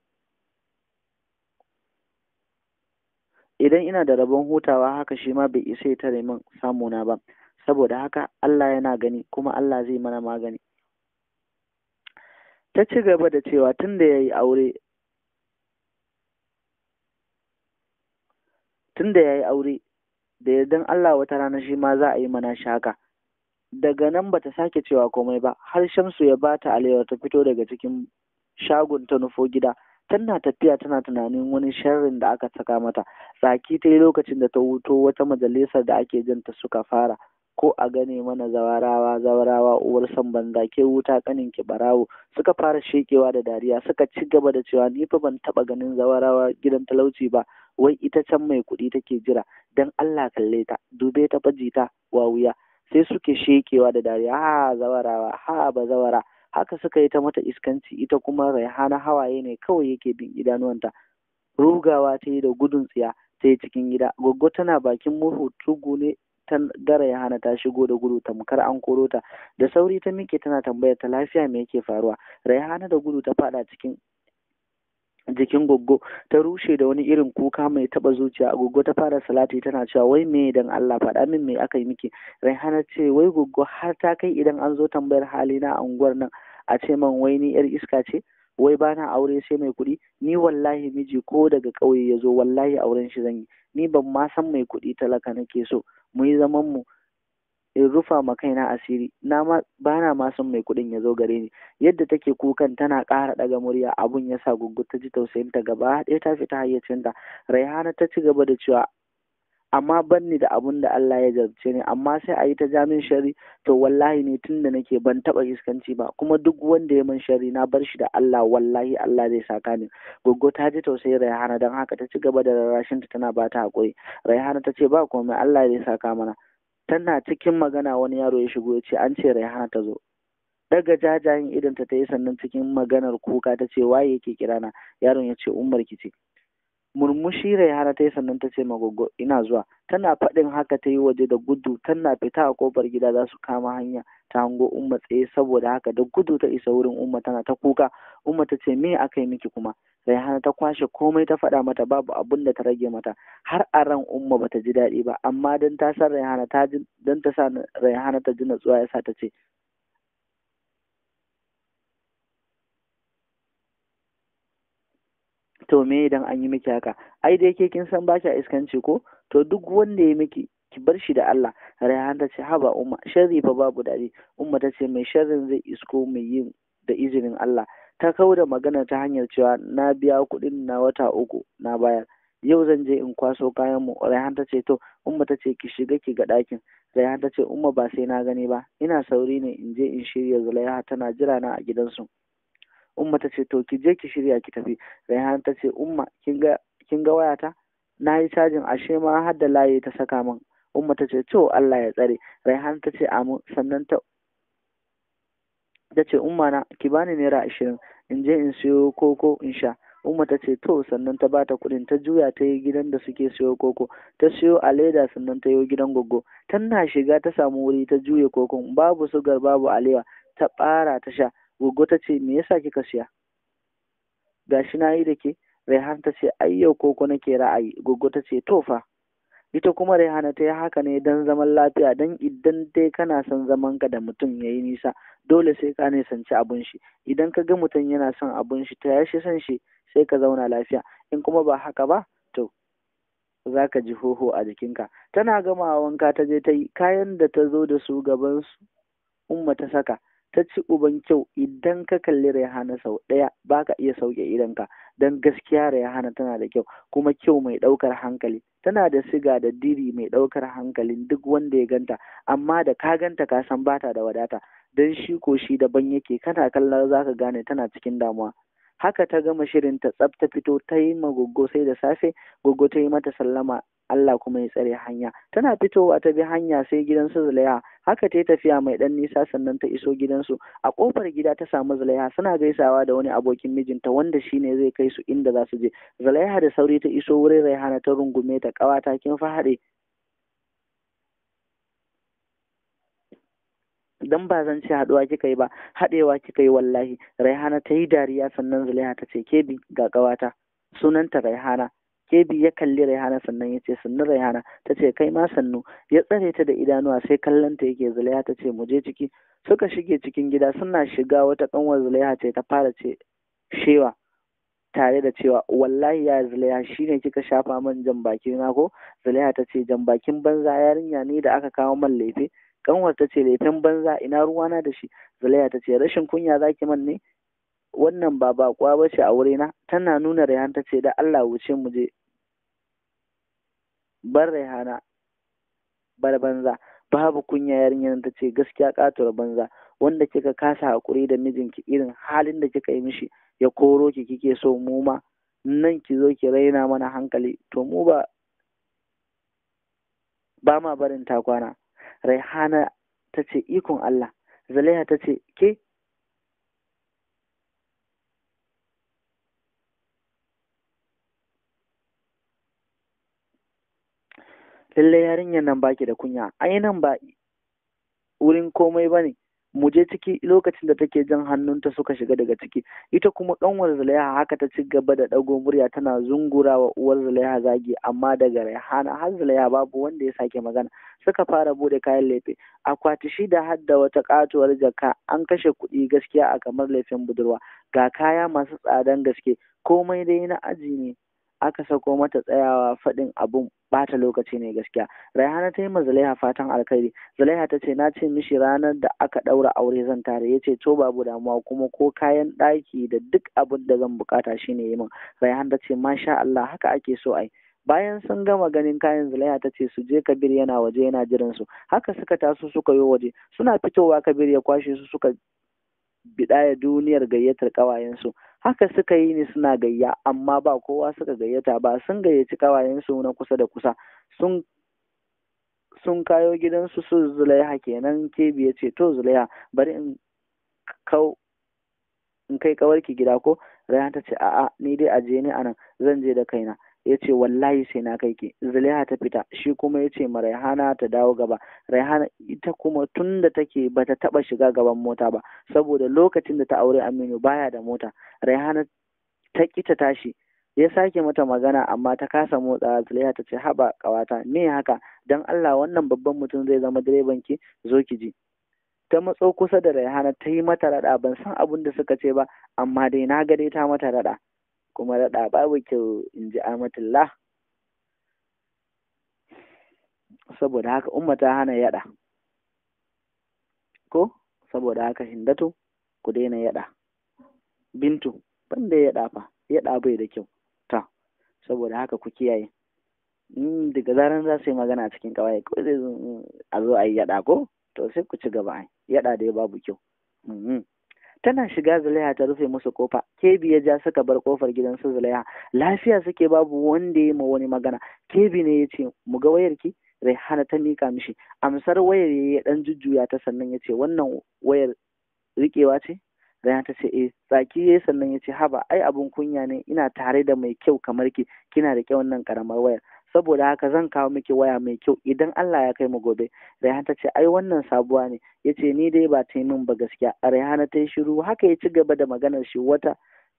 idan ina da rabon hutawa haka shi ma bai isa ya tare min samuna ba saboda haka Allah yana gani kuma Allah zai mana magani ta ci gaba da cewa tun da ya yi aure tun da ya yi aure da yardan Allah wata rana shi ma za a yi mana shaka daga nan ba ta sake cewa komai ba har shamsu ya ba ta alewa ta fito daga cikin shagon ta nufo gida tana tafiya tana tunanin wani sharrin da aka saka mata tsaki ta yi lokacin da ta wuto wata majalisar da ake jinta suka fara ko a gane mana zawarawa zawarawa uwar san banza ke wuta kanin ki barawo suka fara shekewa da dariya suka ci gaba da cewa ni fa ban taba ganin zawarawa gidan talauci ba wai ita can mai kuɗi take jira dan Allah kalle ta dube ta fajita wa wuya sai suke shekewa da dariya ha zawarawa ha ba zawara haka suka yi ta mata iskanci ita kuma raihana hawaye ne kawai yake bin idanuwanta rugawa ta yi da gudun tsiya ta yi cikin gida goggo tana bakin murhu tugu ne ta dara ya hana ta shigo da gudu tamkar an koro ta da sauri ta miƙe tana tambayar ta lafiya me yake faruwa raihana da gudu ta faɗa cikin jikin goggo ta rushe da wani irin kuka mai taba zuciya goggo ta fara salati tana cewa wai me dan Allah faɗa min me aka yi miki Raihana ce wai goggo har ta kai idan an zo tambayar hali na unguwar nan a ce man wai ni yar iska ce wai ba na aure sai mai kuɗi ni wallahi miji ko daga ƙauye ya zo wallahi auren shi zan yi ni ban ma san mai kuɗi talaka nake so mu yi zaman mu in rufa ma kaina asiri na ma ba na ma san mai kuɗin ya zo gare ni yadda take kukan tana ƙara ɗaga murya abun ya sa guggu ta ji tausayin ta gaba ɗaya ta fita hayyacinta raihana ta ci gaba da cewa amma ban ni da abun da Allah ya jarabce ni amma sai a yi ta jamin shari to wallahi ne tun da nake ban taba iskanci ba kuma duk wanda ya man shari na bar shi da Allah wallahi Allah zai saka ni goggo ta ji tausayi Raihana don haka ta ci gaba da rarrashin ta tana ba ta hakuri Raihana ta ce ba komai Allah zai saka mana tana cikin magana wani yaro ya shigo ya ce an ce Raihana ta zo daga jajayen idanta ta yi sannan cikin maganar kuka ta ce waye yake kirana yaron ya ce umar ki murmushi Raihana ta yi sannan ta ce magoggo ina zuwa tana faɗin haka ta yi waje da gudu tana fita a kofar gida za su kama hanya ta hango umma tsaye saboda haka da gudu ta isa wurin umma tana ta kuka umma ta ce me aka yi miki kuma Raihana ta kwashe komai ta faɗa mata babu abun da ta rage mata har a ran umma bata ji daɗi ba amma dan ta san Raihana ta ji dan ta sa Raihana ta ji natsuwa yasa ta ce to me idan an yi miki haka ai dai ke kin san ba kya iskanci ko to duk wanda ya miki ki bar shi da Allah Rayhan ta ce haba umma sharri fa babu dadi umma ta ce mai sharrin zai isko mai yin da izinin Allah ta kawo da magana ta hanyar cewa na biya kuɗin na wata uku na bayar yau zan je in kwaso kayan mu Rayhan ta ce to umma ta ce ki shiga ki ga ɗakin Rayhan ta ce umma ba sai na gani ba ina sauri ne in je in shirya Zulaiha tana jira na a gidansu umma ta ce to ki je ki shirya ki tafi rayhan ta ce umma kin ga kin ga wayata na yi cajin ashe ma har da layi ta saka min umma ta ce to Allah ya tsare rayhan ta ce amu sannan ta ta ce umma na ki bani naira ashirin in je in siyo koko in sha umma ta ce to sannan ta bata kuɗin ta juya ta yi gidan da suke siyo koko ta siyo a leda sannan ta yi gidan goggo tana shiga ta samu wuri ta juya kokon babu sugar babu alewa ta ɓara ta sha Goggo ta ce, Me yasa kika siya? Gashi na yi da ke, Rehan ta ce, Ai yau koko nake ra'ayi. Goggo ta ce, To fa, ita kuma Rehana ta yi haka ne don zaman lafiya don idan dai kana son zaman ka da mutum ya yi nisa dole sai ka nisanci abun shi idan ka ga mutum yana son abun shi ta yashi son shi sai ka zauna lafiya in kuma ba haka ba to za ka ji hoho a jikinka tana gama wanka ta je ta yi kayan da ta zo da su gaban su umma ta saka ta ci uban kyau idan ka kalli Rayhana sau ɗaya ba ka iya sauke idanka don gaskiya Rayhana tana da kyau kuma kyau mai ɗaukar hankali tana da siga da diri mai ɗaukar hankalin duk wanda ya ganta amma da ka ganta ka san bata da wadata don shi ko shi daban yake kana kallon za ka gane tana cikin damuwa haka ta gama shirin ta tsaf fito ta yi ma goggo sai da safe goggo ta yi mata sallama Allah kuma ya tsare hanya tana fitowa ta bi hanya sai gidan su zulaya haka ta yi tafiya mai ɗan nisa sannan ta iso gidansu a kofar gida ta samu zalaiha suna gaisawa da wani abokin mijinta wanda shine zai kai su inda za su je zalaiha da sauri ta iso wurin raihana ta rungume ta ƙawata kin fahare dan ba zan ce haɗuwa kika yi ba haɗewa kika yi wallahi raihana ta yi dariya sannan zalaiha ta ce kebi ga ƙawata sunanta raihana kebi ya kalli raihana sannan ya ce sannu raihana ta ce kai ma sannu ya tsare ta da idanuwa sai kallon ta yake zulaiha ta ce mu je ciki suka shige cikin gida suna shiga wata kanwar zulaiha ce ta fara ce shewa tare da cewa wallahi ya zulaiha shine kika shafa man jan baki na ko zulaiha ta ce jan bakin banza yarinya ne da aka kawo man laifi'? kanwar ta ce 'Laifin banza ina ruwana da shi zulaiha ta ce rashin kunya zaki man ne wannan ba bakwa ba ce a wurina tana nuna rayan ta ce da Allah wuce mu je Ban raihana bar banza babu kunya yarinyar ta ce gaskiya katuwar banza wanda kika kasa hakuri da mijinki irin halin da kika yi mishi ya koro ki kike so mu ma nan ki zo ki raina mana hankali to mu ba ba ma barin takwana raihana ta ce ikon Allah Zaliha ta ce ke lallai yarinyar nan baki da kunya ainihin ba wurin komai ba ne mu je ciki lokacin da take jan hannunta suka shiga daga ciki ita kuma kanwar zulaiha haka ta ci gaba da dago murya tana zungura wa uwar zulaiha zagi amma daga raihana har zulaiha babu wanda ya sake magana suka fara bude kayan lefe akwati shida har da wata katuwar jaka an kashe kuɗi gaskiya a kamar laifin budurwa ga kaya masu tsadan gaske komai dai na aji ne aka sako mata tsayawa faɗin abun bata lokaci ne gaskiya raihana ta yi ma zalaiha fatan alkhairi zalaiha ta ce na ce mishi ranar da aka ɗaura aure zan tare ya ce to babu damuwa kuma ko kayan ɗaki da duk abin da zan bukata shine yi min raihana ta ce masha Allah haka ake so ai bayan sun gama ganin kayan zulaiha ta ce su je kabir yana waje yana jiran su haka suka taso suka yi waje suna fitowa kabir ya kwashe su suka biɗaya duniyar gayyatar ƙawayensu. haka suka yi ni suna gayya amma ba kowa suka gayyata ba sun gayyaci su na kusa da kusa sun sun kayo gidansu su zulaiha kenan ke biye ce to zulaiha bari in kau in kai kawarki gida ko rayhan ta ce a'a ni dai aje ni anan zan je da kaina ya ce wallahi sai na kai ki zuliha ta fita shi kuma ya ce ma raihana ta dawo gaba raihana ita kuma tun da take ba ta taba shiga gaban mota ba saboda lokacin da ta aure aminu baya da mota raihana ta ki ta tashi ya sake mata magana amma ta kasa motsa zuliha ta ce haba kawata me haka dan Allah wannan babban mutum zai zama direban ki zo ki ji ta matso kusa da raihana ta yi mata rada ban san abin da suka ce ba amma dai na ga ta mata rada kuma raɗa babu kyau in ji amatullah saboda haka umma ta hana yaɗa ko saboda haka hindatu ku daina yaɗa bintu ban da yaɗa fa yaɗa bai da kyau ta saboda haka ku kiyaye daga zaran za su yi magana cikin kawai ko zai a zo a yi yaɗa ko to sai ku ci gaba ai yaɗa dai babu kyau mm-hmm. tana shiga zulaiha ta rufe musu kofa kebi ya ja suka bar kofar gidan su zulaiha lafiya suke babu wanda ya ma wani magana kebi ne ya ce mu ga wayarki Rehana ta mika mishi amsar wayar ya dan jujjuya ta sannan ya ce wannan wayar rikewa ce Rehana ta ce eh tsaki yayi sannan ya ce haba ai abun kunya ne ina tare da mai kyau kamar ki kina rike wannan karamar wayar saboda haka zan kawo miki waya mai kyau idan Allah ya kai mu gobe Rayhan ta ce ai wannan sabuwa ne yace ni dai ba ta yi min ba gaskiya Rayhana ta yi shiru haka ya ci gaba da maganar shi wata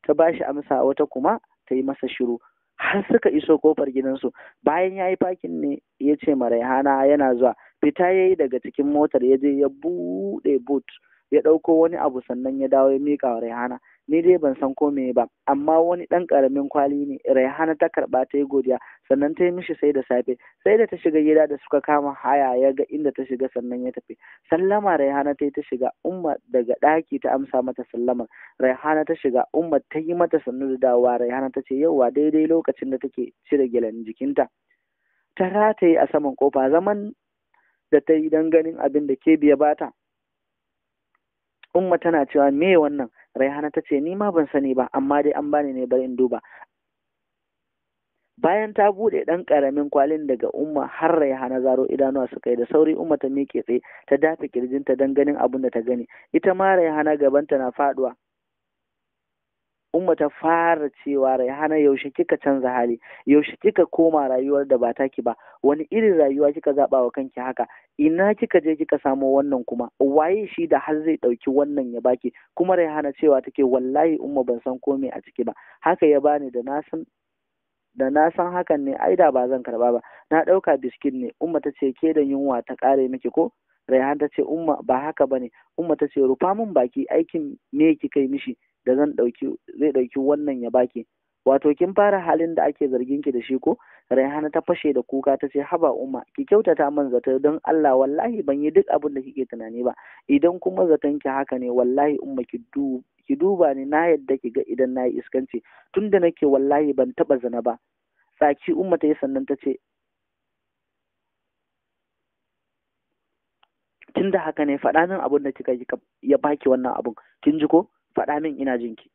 ta bashi amsa wata kuma ta yi masa shiru har suka iso kofar gidansu bayan ya yi fakin ne ya ce ma Raihana yana zuwa fita ya yi daga cikin motar ya je ya buɗe boot ya ɗauko wani abu sannan ya dawo ya miƙa wa Raihana ni dai ban san ko me ba amma wani ɗan ƙaramin kwali ne Raihana ta karɓa ta yi godiya sannan ta yi mishi sai da safe sai da ta shiga gida da suka kama haya ya ga inda ta shiga sannan ya tafi sallama Raihana ta yi ta shiga umma daga ɗaki ta amsa mata sallamar Raihana ta shiga umma ta yi mata sannu da dawowa Raihana ta ce yauwa daidai lokacin da take cire gilan jikinta ta rataye a saman kofa zaman da ta yi don ganin abin da ke biya bata umma tana cewa me wannan raihana ta ce ni ma ban sani ba amma dai an bani ne bari in duba bayan ta bude dan karamin kwalin daga umma har raihana zaro idanuwa suka yi da sauri umma ta miƙe tsaye ta dafe kirjinta don ganin abin da ta gani ita ma raihana gabanta na faduwa umma ta fara cewa raihana yaushe kika canza hali yaushe kika koma rayuwar da ba taki ba wani irin rayuwa kika zaba wa kanki haka ina kika je kika samo wannan kuma waye shi da har zai dauki wannan ya baki kuma raihana cewa take wallahi umma ban san komai a ciki ba haka ya bani da na san da na san hakan ne ai da ba zan karba ba na dauka biskit ne umma ta ce ke da yunwa ta kare miki ko hana ta ce umma ba haka bane umma ta ce rufa min baki aikin me kika yi mishi da zan ɗauki zai ɗauki wannan ya baki wato kin fara halin da ake zargin ki da shi ko Raihana ta fashe da kuka ta ce haba umma ki kyautata man zato don Allah wallahi ban yi duk abin da kike tunani ba idan kuma zaton ki haka ne wallahi umma ki du ki duba ni na yadda ki ga idan na yi iskanci tunda nake wallahi ban taba zina ba tsaki umma ta yi sannan ta ce tunda haka ne faɗa abin da kika ya baki wannan abun kin ji ko faɗa min ina jinki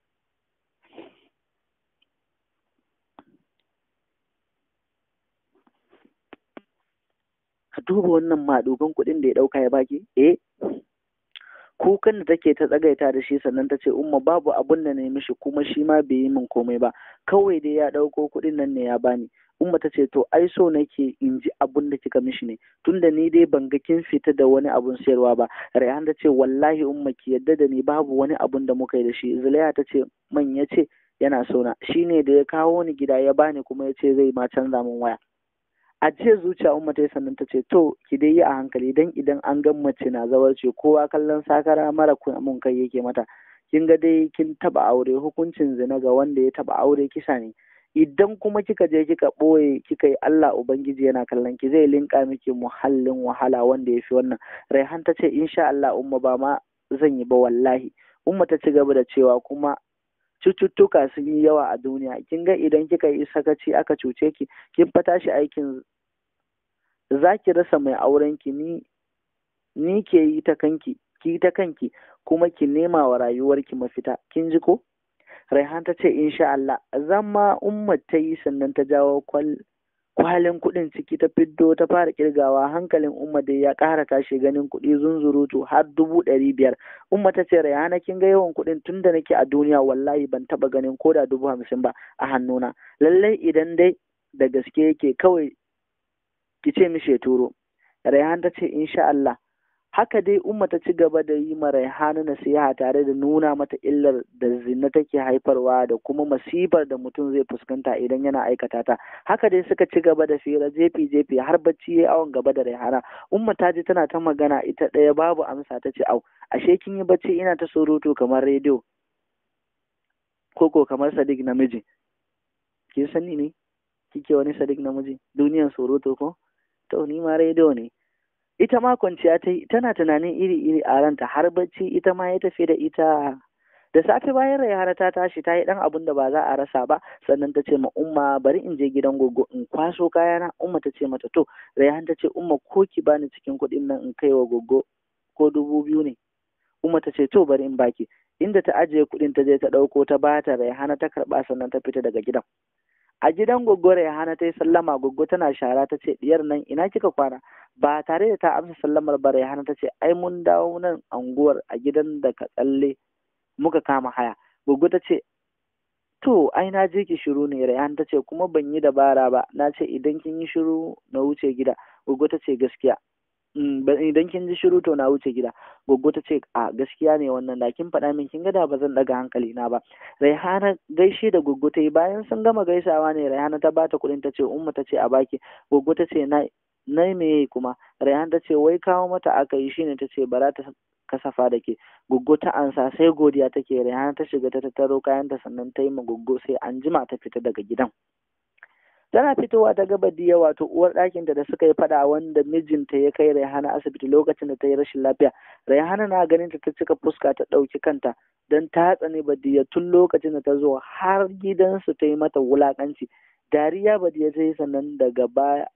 ka duba wannan maɗogon kuɗin da ya ɗauka ya baki eh kukan da take ta tsagaita da shi sannan ta ce umma babu abun da na yi mishi kuma shi ma bai yi min komai ba kawai dai ya ɗauko kuɗin nan ne ya bani umma ta ce to ai so nake in ji abun da kika mishi ne tunda ni dai ban ga kin fita da wani abun sayarwa ba rayhan ta ce wallahi umma ki yadda da ni babu wani abun da muka yi da shi zulaiha ta ce man ya ce yana sona Shi ne da ya kawo ni gida ya bani kuma ya ce zai ma canza min waya a jiya zuciya umma ta sannan ta ce to ki dai yi a hankali dan idan an gan mace na ce kowa kallon sakara mara mun kai yake mata kin ga dai kin taba aure hukuncin zina ga wanda ya taba aure kisa ne idan kuma kika je kika ɓoye kika yi Allah Ubangiji yana kallon ki zai linka miki muhallin wahala wanda ya fi wannan Raihan ta ce insha Allah umma ba ma zan yi ba wallahi umma ta ci gaba da cewa kuma cututtuka sun yi yawa a duniya kin ga idan kika yi sakaci aka cuce ki kin fata shi aikin za ki rasa mai auren ki ni ni ke yi ta kanki ki ta kanki kuma ki nema wa rayuwar ki mafita kin ji ko Raihan ta ce insha Allah zama ummar ta yi sannan ta jawo kwal kwalin kuɗin ciki ta fiddo ta fara kirgawa hankalin umma dai ya ƙara tashi ganin kuɗi zunzurutu har dubu ɗari biyar umma ta ce rayana kin ga yawan kuɗin tun da nake a duniya wallahi ban taɓa ganin ko da dubu hamsin ba a hannuna lallai idan dai da gaske yake kawai ki ce mishi ya turo rayhan ta ce insha Allah Haka dai Umma ta ci gaba da yi ma Raihanu nasiha tare da nuna mata illar da zina take haifarwa da kuma masibar da mutum zai fuskanta idan yana aikata ta. Haka dai suka ci gaba da fira jefi jefi har bacci yayi awon gaba da Raihana. Umma ta ji tana ta magana ita ɗaya babu amsa ta ce au ashe kin yi bacci ina ta surutu kamar rediyo. Koko kamar Sadiq namiji. Kin sani ne? Kike wani Sadiq namiji? Duniyan surutu ko? To ni ma rediyo ne. ita ma kwanciya ta yi tana tunanin iri-iri a ranta har bacci ita ma ya tafi da ita da safe bayan rayhana ta tashi ta yi dan abun da ba za a rasa ba sannan ta ce ma umma bari in je gidan gogo in kwaso kayana umma ta ce mata to rayhan ta ce umma ko ki bani cikin kuɗin nan in kai wa gogo ko dubu biyu ne umma ta ce to bari in baki inda ta ajiye kuɗin ta je ta ɗauko ta bata raihana ta karɓa sannan ta fita daga gidan a gidan goggo hana ta yi sallama goggo tana shara ta ce diyar nan ina kika kwana ba tare da ta amsa sallamar ba hana ta ce ai mun dawo nan anguwar a gidan da ka tsalle muka kama haya goggo ta ce to ai na je ki shiru ne Rayhana ta ce kuma ban yi dabara ba na ce idan kin yi shiru na wuce gida goggo ta ce gaskiya Mm, idan kin ji shiru to na wuce gida goggo ta ce a gaskiya ne wannan da kin faɗa min kin ga ba zan daga hankali na ba raihana gaishe da goggo ta yi bayan sun gama gaisawa ne raihana ta bata kuɗin ta ce umma ta ce a baki goggo ta ce na yi me kuma raihana ta ce wai kawo mata aka yi shine ta ce bara ta kasafa da ke goggo ta ansa sai godiya take raihana ta shiga ta tattaro kayan sannan ta yi ma goggo sai an jima ta fita daga gidan tana fitowa ta gaba diya wato uwar ɗakinta da suka yi faɗa wanda mijinta ya kai raihana asibiti lokacin da ta yi rashin lafiya raihana na ganin ta cika fuska ta ɗauki kanta don ta tsane badiya tun lokacin da ta zo har gidansu ta yi mata wulakanci dariya badiya ta yi sannan daga baya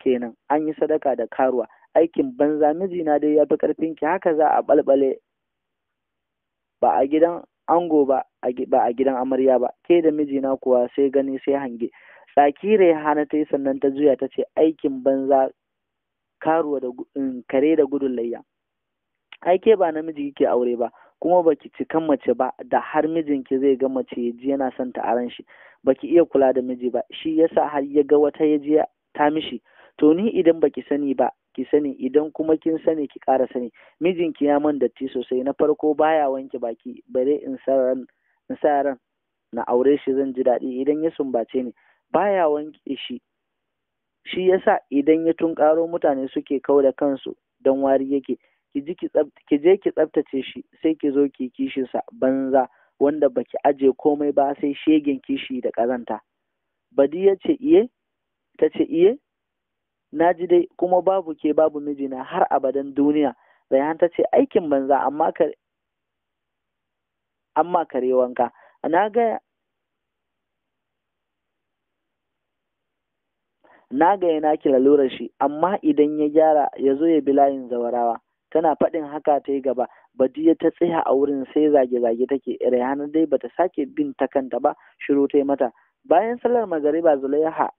kenan an yi sadaka da karuwa aikin banza mijina dai ya fi karfin ki haka za a balbale ba a gidan ango ba ba a gidan amarya ba ke da mijina kuwa sai gani sai hange tsaki hana ta yi sannan ta juya ta ce aikin banza karuwa da mm, kare da gudun layya ai ke ba namiji kike aure ba kuma baki cikan mace ba da har mijinki zai ga mace ya ji yana son ta aran shi baki iya kula da miji ba shi yasa har ya ga wata ya ji ta mishi to ni idan baki sani ba ki sani idan kuma kin sani ki ƙara sani mijinki ya man datti sosai na farko baya wanke baki bare in sa ran na aure shi zan ji daɗi idan ya sumbace ni baya wanke shi shi yasa idan ya tunkaro mutane suke kau da kansu don wari yake ki je ki tsaftace shi sai ki zo ki kishinsa banza wanda baki aje komai ba sai shegen kishi da ƙazanta badi ya ce iye ta ce iye na ji dai kuma babu ke babu mijina har abadan duniya Rayhan ta ce aikin banza amma kare wanka na gaya na ga yana ki lalurar shi amma idan ya gyara ya zo ya bi layin zawarawa tana faɗin haka ta yi gaba badiya ta tsaya a wurin sai zage-zage take rayana dai bata sake bin ta kanta ba shiru ta yi mata bayan sallar magariba zulaiha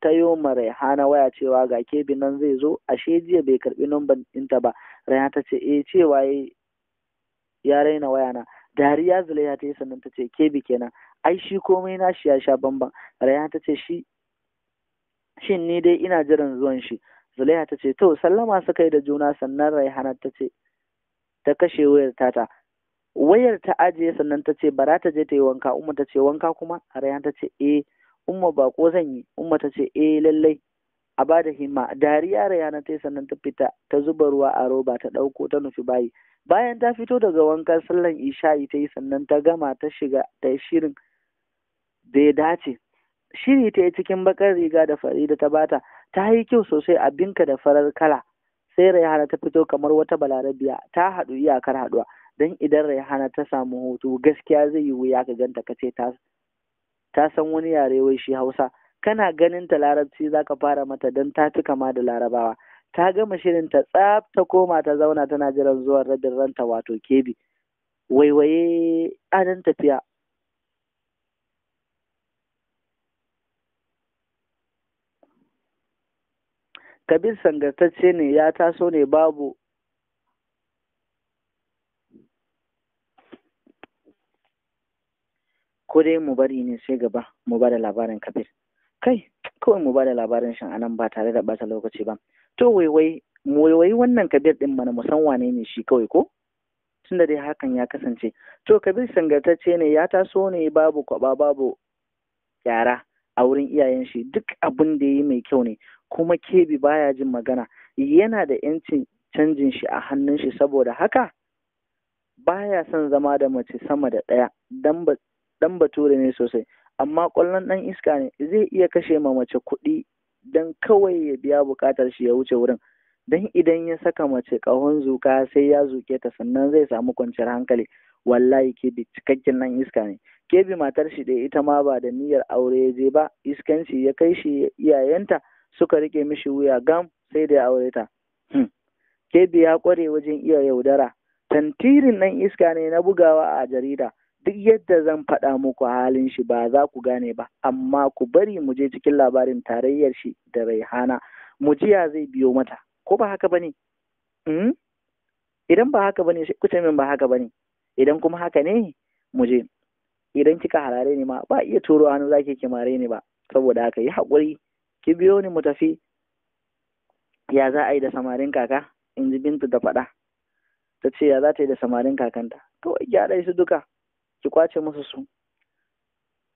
ta yi ma Raihana waya cewa ga kebi nan zai zo ashe jiya bai karbi numban ɗinta ba Raihana ta ce eh cewa ya raina waya na. dariya zulaiha ta yi sannan ta ce kebi kenan ai shi komai na shi ya sha bamban Raihana ta ce shi shin ni dai ina jiran zuwan shi zulaiha ta ce to sallama su yi da juna sannan raihana ta ce ta kashe wayar tata wayar ta ajiye sannan ta ce bara ta je ta yi wanka umma ta ce wanka kuma raihana ta ce eh umma ba ko zan yi umma ta ce eh lallai a ba da himma dariya raihana ta yi sannan ta fita ta zuba ruwa a roba ta ɗauko ta nufi bayi bayan ta fito daga wankan sallan isha'i ta yi sannan ta gama ta shiga ta shirin da ya dace shiri ta yi cikin bakar riga da fari da ta bata ta yi kyau sosai a binka da farar kala sai raihana ta fito kamar wata balarabiya ta haɗu iyakar haɗuwa don idan raihana ta samu hutu gaskiya zai yi wuya ka ganta ka ce ta san wani yare wai shi hausa kana ganin ta larabci za ka fara mata don ta fi kama da larabawa ta gama shirin ta tsaf ta koma ta zauna tana jiran zuwan rabin ranta wato kebi waiwaye anan tafiya kabir sangartacce ne ya taso ne babu ko dai mu bari ne sai gaba mu ba da labarin kabir kai kawai mu ba da labarin shan anan ba tare da bata lokaci ba to waiwai mu waiwai wannan kabir din mana mu san wane ne shi kawai ko tunda dai hakan ya kasance to kabir sangartacce ne ya taso ne babu kwaba babu yara a wurin iyayen shi duk abin da yi mai kyau ne kuma kebi baya jin magana yana da yancin canjin shi a hannun shi saboda haka baya son zama da mace sama da ɗaya dan bature ne sosai amma ƙwallon ɗan iska ne zai iya kashe ma mace kuɗi don kawai ya biya buƙatar shi ya wuce wurin don idan ya saka mace ƙahon zuka sai ya zuke ta sannan zai samu kwanciyar hankali wallahi kebi cikakken nan iska ne kebi matar shi ɗaya ita ma ba da niyyar aure ya je ba iskanci ya kai shi iyayenta suka rike mishi wuya gam sai da ya aure ta hmm. kebi ya kware wajen iya yaudara tantirin nan iska ne na bugawa a jarida duk yadda zan faɗa muku halin shi ba za ku gane ba amma ku bari mu je cikin labarin tarayyar shi da raihana jiya zai biyo mata ko ba haka bane hmm? idan ba haka bane ku min ba haka bane idan kuma haka ne mu je idan kika harare ni ma ba iya turo hannu zaki kimare mare ni ba saboda haka yi haƙuri ki biyo ni mu tafi ya za a yi da samarin kaka in ji bintu da faɗa ta ce ya za ta yi da samarin kakanta kawai gyara su duka ki kwace musu su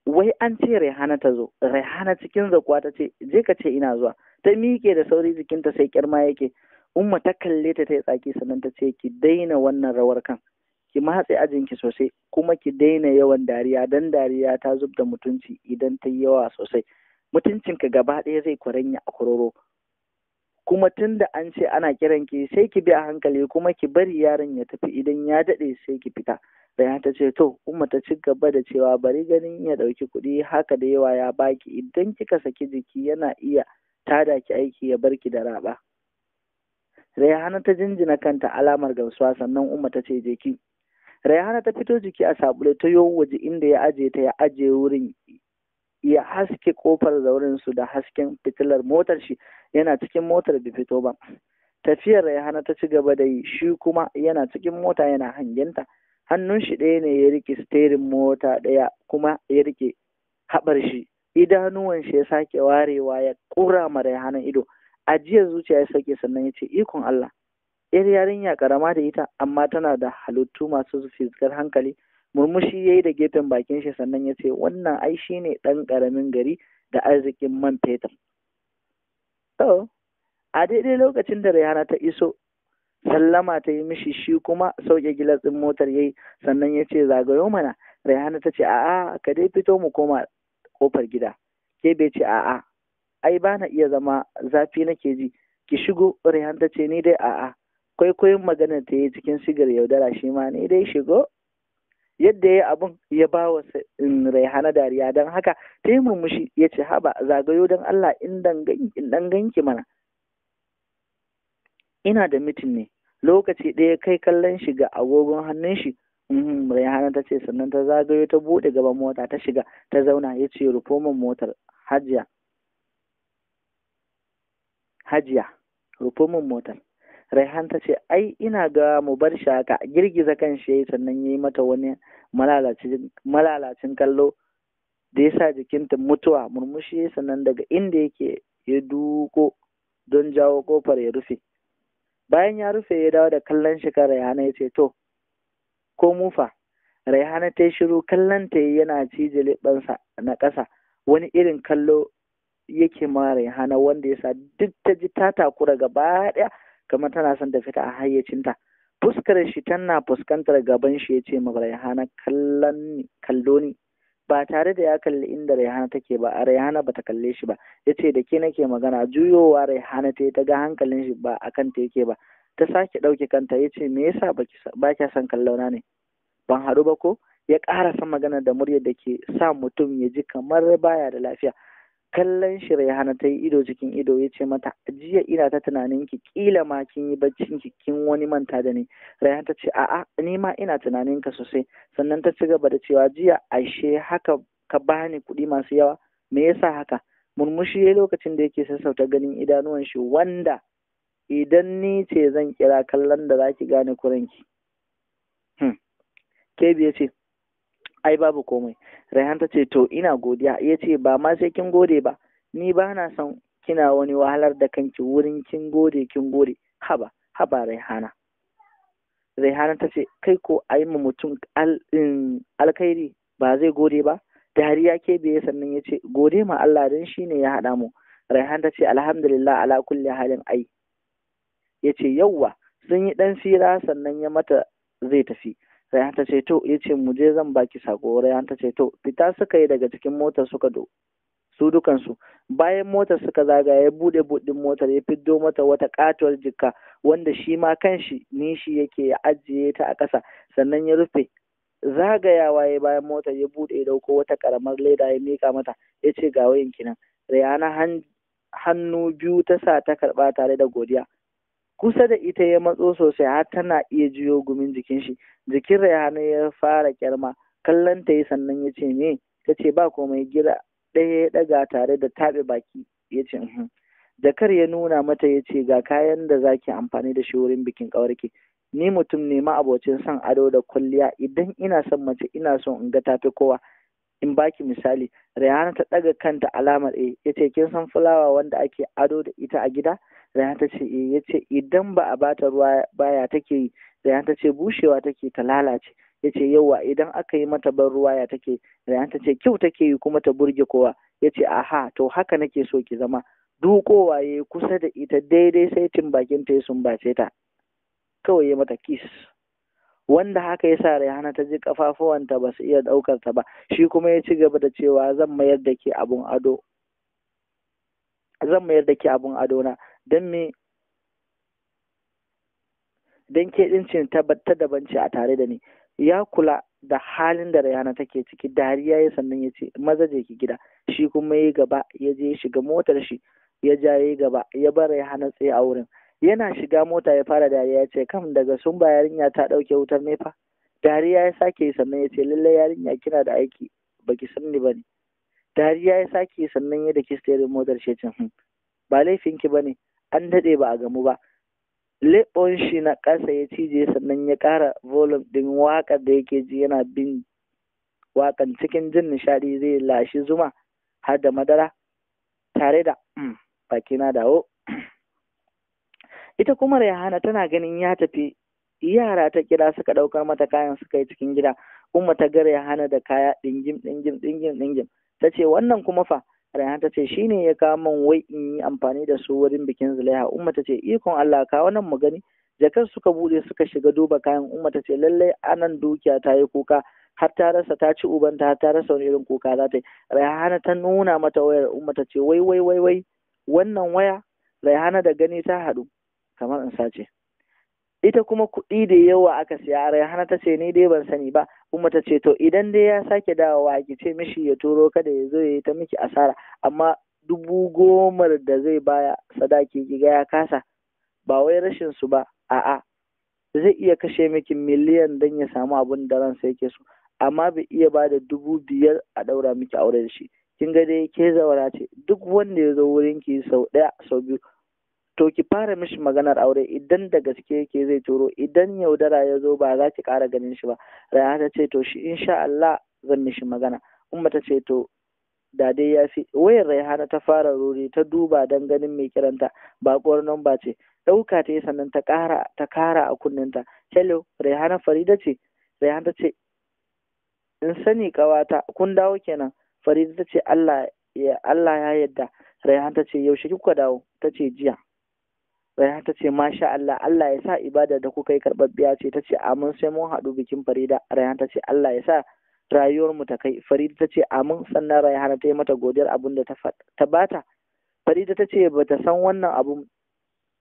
wai an ce Rehana ta zo Rehana cikin zakuwa ta ce je ka ce ina zuwa ta miƙe da sauri jikinta sai kirma yake umma ta kalle ta ta yi tsaki sannan ta ce ki daina wannan rawar kan ki matse ajinki sosai kuma ki daina yawan dariya dan dariya ta zub mutunci idan ta yi yawa sosai mutuncinka gaba ɗaya zai kwaranya a kororo kuma tun da an ce ana kiran ki sai ki bi a hankali kuma ki bari yaron ya tafi idan ya daɗe sai ki fita bayan ta ce to umma ta ci gaba da cewa bari ganin ya ɗauki kuɗi haka da yawa ya baki idan kika saki jiki yana iya tada ki aiki ya barki da raba Rayhana ta jinjina kanta alamar gamsuwa sannan umma ta ce jiki Rayhana ta fito jiki a sabule ta yo waje inda ya aje ta ya aje wurin ya haske kofar zaurin su da hasken fitilar motar shi yana cikin motar bai fito ba tafiyar Rayhana ta ci gaba da yi shi kuma yana cikin mota yana hangenta hannun shi ɗaya ne ya rike steering mota ɗaya kuma ya rike haɓar shi idanuwan shi ya sake warewa ya ƙura ma Rayhana ido ajiyar zuciya ya sake sannan ya ce ikon Allah yar yarinya karama da ita amma tana da halittu masu fiskar hankali murmushi ya yi da gefen bakin shi sannan ya ce wannan ai shi ne ɗan ƙaramin gari da arzikin man fetur to a daidai lokacin da rayana ta iso sallama ta yi mishi shi kuma sauke gilas ɗin motar ya yi sannan ya ce zagayo mana rayana ta ce a'a ka dai fito mu koma kofar gida ke bai ce a'a ai ba na iya zama zafi nake ji ki shigo rayana ta ce ni dai a'a kwaikwayon maganar ta yi cikin sigar yaudara shi ma ni dai shigo yadda ya abun ya ba wa raihana dariya don haka ta yi murmushi ya ce haba zagayo don Allah in dan ganki mana ina da mitin ne lokaci ɗaya kai kallon shiga agogon hannun shi uhm, raihana ta ce sannan ta zagayo ta buɗe gaban mota ta shiga ta zauna ya ce rufo motar hajiya hajiya motar Raihan ta ce ai ina ga mu bar shi haka girgiza kan shi yayi sannan yayi mata wani malalacin kallo da yasa jikinta mutuwa murmushi sannan daga inda yake ya duko don jawo kofar ya rufe bayan ya rufe ya dawo da kallon shi kan Raihana ya ce to ko mufa Raihana ta yi shiru kallon ta yana cije leɓansa na ƙasa wani irin kallo yake ma Raihana wanda yasa duk ta ji ta takura gaba ɗaya kamar tana son ta fita a hayyacinta fuskar shi tana fuskantar gaban shi ya ce ma raihana kallo ni ba tare da ya kalli inda raihana take ba a raihana ba ta kalle shi ba ya ce da ke nake magana juyowa raihana ta ta ga hankalin shi ba a kanta yake ba ta sake ɗauke kanta ya ce me yasa ba kya son kallona ne ban haɗu ba ko ya ƙara son magana da muryar da ke sa mutum ya ji kamar baya da lafiya kallon shi Raihana ta yi ido cikin ido ya ce mata jiya ina ta tunanin ki kila ma kin yi baccin ki kin wani manta da ni Raihana ta ce a'a ni ma ina tunanin ka sosai sannan ta ci gaba da cewa jiya ashe haka ka bani kuɗi masu yawa me yasa haka murmushi ya lokacin da yake sassauta ganin idanuwan shi wanda idan ni ce zan kira kallon da zaki gane kuranki hmm. kebi ya ce ai babu komai raihan ta ce to ina godiya ya ce ba ma sai kin gode ba ni ba na son kina wani wahalar da kanki wurin kin gode kin gode haba haba raihana raihana ta ce kai ko a ma mutum alkhairi ba zai gode ba dariya ke biye sannan ya ce gode ma Allah don shi ne ya haɗa mu raihan ta ce alhamdulillah ala kulli halin ai ya ce yauwa sun yi ɗan sira sannan ya mata zai tafi an ta ce to ya ce mu je zan baki sako an ta ce to fita suka yi daga cikin motar suka do su dukansu bayan motar suka zaga ya bude budin motar ya fiddo mata wata katuwar jikka wanda shi ma kanshi shi yake ya ajiye ta a ƙasa sannan ya rufe zagayawa ya bayan motar ya bude ya dauko wata karamar leda ya mika mata ya ce ga wayan kinan rayana hannu biyu ta sa ta karba tare da godiya kusa da ita ya matso sosai har tana iya jiyo gumin jikin shi jikin rayhana ya fara kyarma kallon ta yi sannan ya ce ne ta ce ba komai gira ɗaya ya ɗaga tare da taɓe baki ya ce uhm. jakar ya nuna mata ya ce ga kayan da zaki amfani da shi wurin bikin ƙawarki ni mutum ne ma abocin son ado da kwalliya idan ina son mace ina son in ga tafi kowa in baki misali Rayana ta ɗaga kanta alamar e ya ce kin san fulawa wanda ake ado da ita a gida Rayhan ta ce eh yace idan ba a bata ruwa baya take yi Rayhan ta ce bushewa take ta lalace yace yauwa idan aka yi mata ban ruwa ya take Rayhan ta ce kyau take yi kuma ta burge kowa yace aha to haka nake so ki zama dukowa ya kusa da ita daidai sai cin bakin ta ya sumbace ta kawai ya mata kiss wanda haka ya sa rayana ta ji kafafuwanta ba su iya ɗaukar ta ba shi kuma ya ci gaba da cewa zan mayar da ke abun ado zan mayar da ke abun ado na don me don ke ɗincin ta dabanci a tare da ni ya kula da halin da rayana take ciki dariya ya sannan ya ce maza je ki gida shi kuma ya gaba ya je ya shiga motar shi ya ja ya gaba ya bar rayana tsaye a wurin yana shiga mota ya fara dariya ya ce kam daga sun ba yarinya ta ɗauke wutar nefa dariya ya sake sannan ya ce lallai yarinya kina da aiki baki san ni bane dariya ya sake sannan ya da ki motar shi ya hmm, ba laifin ki bane an daɗe ba a gamu ba leɓon shi na ƙasa ya cije sannan ya ƙara volume ɗin waƙar da yake ji yana bin waƙan cikin jin nishaɗi zai lashi zuma har da madara tare da hmm, baki na dawo ita kuma Rayhana tana ganin ya tafi yara ta kira suka ɗaukar mata kayan suka yi cikin gida umma ta ga Rayhana da kaya ɗingim ɗingim ɗingim ɗingim ta ce wannan kuma fa Raihan ta ce ne ya kawo min wai in yi amfani da su wurin bikin Zulaiha Umma ta ce ikon Allah kawo nan mu gani jakar suka bude suka shiga duba kayan Umma ta ce lallai anan dukiya ta yi kuka har ta rasa ta ci ubanta har ta rasa wani irin kuka za ta yi Raihana ta nuna mata wayar Umma ta ce wai wai wai wai wannan waya Raihana da gani ta haɗu kamar in sace ita kuma kuɗi da yawa aka siya hana ta ce ni dai ban sani ba kuma ta ce to idan dai ya sake dawowa ki ce mishi ya turo kada ya zo ya yi ta miki asara amma dubu gomar da zai baya sadaki ki ga ya kasa ba wai rashin su ba a'a zai iya kashe miki miliyan dan ya samu abun da ransa yake so amma bai iya ba da dubu biyar a daura miki aure da shi kin ga dai ke zaura ce duk wanda ya zo wurin ki sau ɗaya sau biyu to ki fara mishi maganar aure idan da gaske yake zai turo idan yaudara ya zo ba za ki ƙara ganin shi ba raya ta ce to shi insha Allah zan mishi magana umma ta ce to da dai ya fi wayar raihana ta fara ruri ta duba don ganin mai kiranta bakuwar namba ce ɗauka ta yi sannan ta ƙara ta a kunninta hello raihana farida ce raihana ta ce in sani ƙawata kun dawo kenan farida ta ce Allah ya yadda raihana ta ce yaushe kuka dawo ta ce jiya bayan ta ce masha Allah Allah ya sa ibada da kuka yi karɓaɓɓiya ce ta ce amin sai mun haɗu bikin Farida Rayhan ta ce Allah ya sa rayuwar mu ta kai Farida ta ce amin sannan Rayhan ta yi mata godiyar abin da ta bata Farida ta ce bata san wannan abun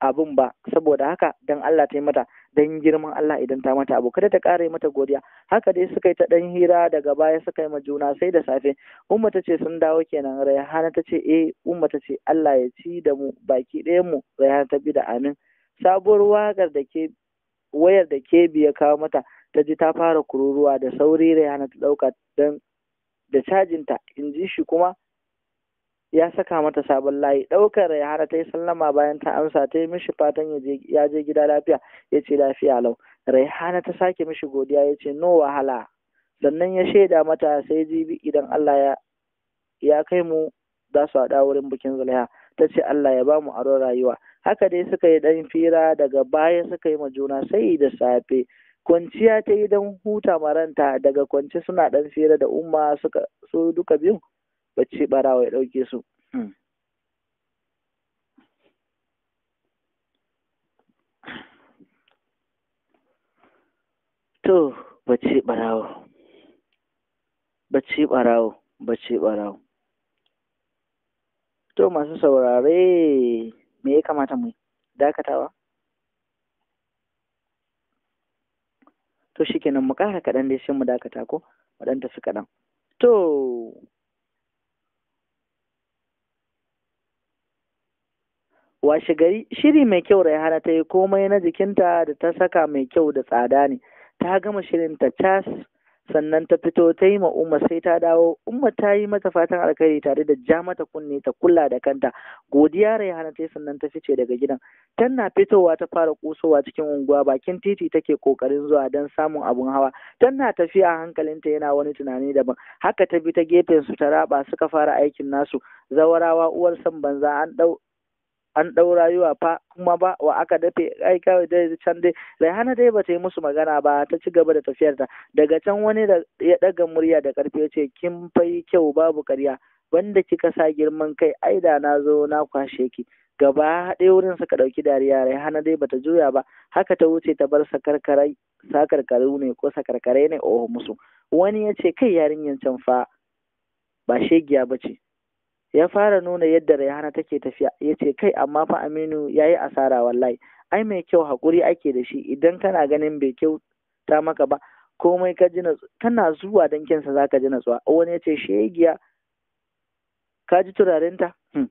abin ba saboda haka dan Allah ta yi mata dan girman Allah idan ta mata abu kada ta kare mata godiya haka dai suka yi ta dan hira daga baya suka yi ma juna sai da safe umma ta ce sun dawo kenan rayhana ta ce eh umma ta ce Allah ya ci da mu baki ɗayan mu rayhana ta bi da amin sabuwar wagar da ke wayar da ke biya kawo mata ta ji ta fara kururuwa da sauri rayhana ta dauka dan da cajinta in ji shi kuma ya saka mata sabon layi ɗaukar ya hana ta yi sallama bayan ta amsa ta yi mishi fatan ya je gida lafiya ya ce lafiya lau raihana ta sake mishi godiya ya ce no wahala sannan ya shaida mata sai jibi idan Allah ya kai mu za su haɗa wurin bikin zulaiha ta ce Allah ya ba mu aron rayuwa haka dai suka yi ɗan fira daga baya suka yi ma juna sai da safe kwanciya ta yi don huta maranta daga kwanci suna ɗan fira da umma suka su duka biyu bacci barawa ya ɗauke su to bacci barawa. bacci barawa, bacci barawa. to masu saurare me ya kamata mu dakatawa to shi kenan mu ƙara kaɗan dai sai mu dakata ko mu ɗan tafi kaɗan to washe gari shiri mai kyau raihana ta yi komai na jikinta da ta saka mai kyau da tsada ne ta gama shirin ta cas sannan ta fito ta yi ma sai ta dawo umma ta yi mata fatan alkhairi tare da ja mata kunne ta kula da kanta godiya hana ta yi sannan ta fice daga gidan tana fitowa ta fara kusowa cikin unguwa bakin titi take kokarin zuwa don samun abun hawa tana tafiya a hankalinta yana wani tunani daban haka ta bi ta gefen su ta raba suka fara aikin nasu zawarawa uwar san banza an dau an ɗau rayuwa fa kuma ba wa aka dafe ai kawai dai can dai Raihana dai bata yi musu magana ba ta ci gaba da tafiyar ta daga can wani da ya ɗaga murya da ƙarfi ya ce kin fai kyau babu karya. banda kika sa girman kai ai da na zo na kwashe ki gaba haɗe wurin suka ɗauki dariya Raihana dai bata juya ba haka ta wuce ta bar sakarkarai sakarkaru ne ko sakarkarai ne oho musu wani ya ce kai yarinyar can fa ba shegiya ba ce ya fara nuna yadda Rayhana take tafiya ya ce kai amma fa Aminu ya yi asara wallahi ai mai kyau hakuri ake da shi idan kana ganin bai kyau ta maka ba komai ka ji kana zuwa don kinsa za ka ji natsuwa wani ya ce shegiya ka ji turarinta hmm,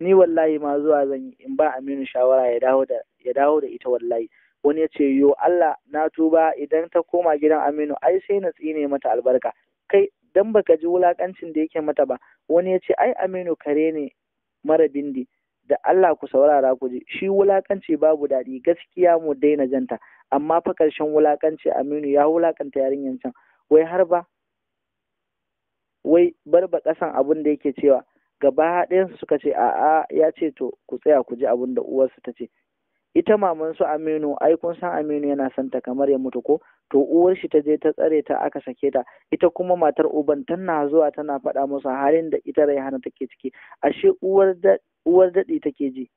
ni wallahi ma zuwa zan yi in ba Aminu shawara ya dawo da ya dawo da ita wallahi wani ya ce yo Allah na tuba idan ta koma gidan Aminu ai sai na tsine mata albarka kai dan baka ji wulakancin da yake mata ba wani ya ce ai aminu kare ne mara bindi da Allah ku saurara ku ji shi wulakanci babu daɗi gaskiya mu daina janta amma fa ƙarshen wulakanci aminu ya wulakanta yarinyar can wai har ba wai ba ƙasan abin da yake cewa gaba ɗayansu suka ce a'a ya ce to ku tsaya ku ji abin da uwarsu ta ce ita maman su Aminu ai kun san Aminu yana son ta kamar ya mutu ko to uwar shi ta je ta tsare ta aka sake ta ita kuma matar uban tana zuwa tana faɗa musu halin da ita hana take ciki ashe uwar da uwar daɗi take ji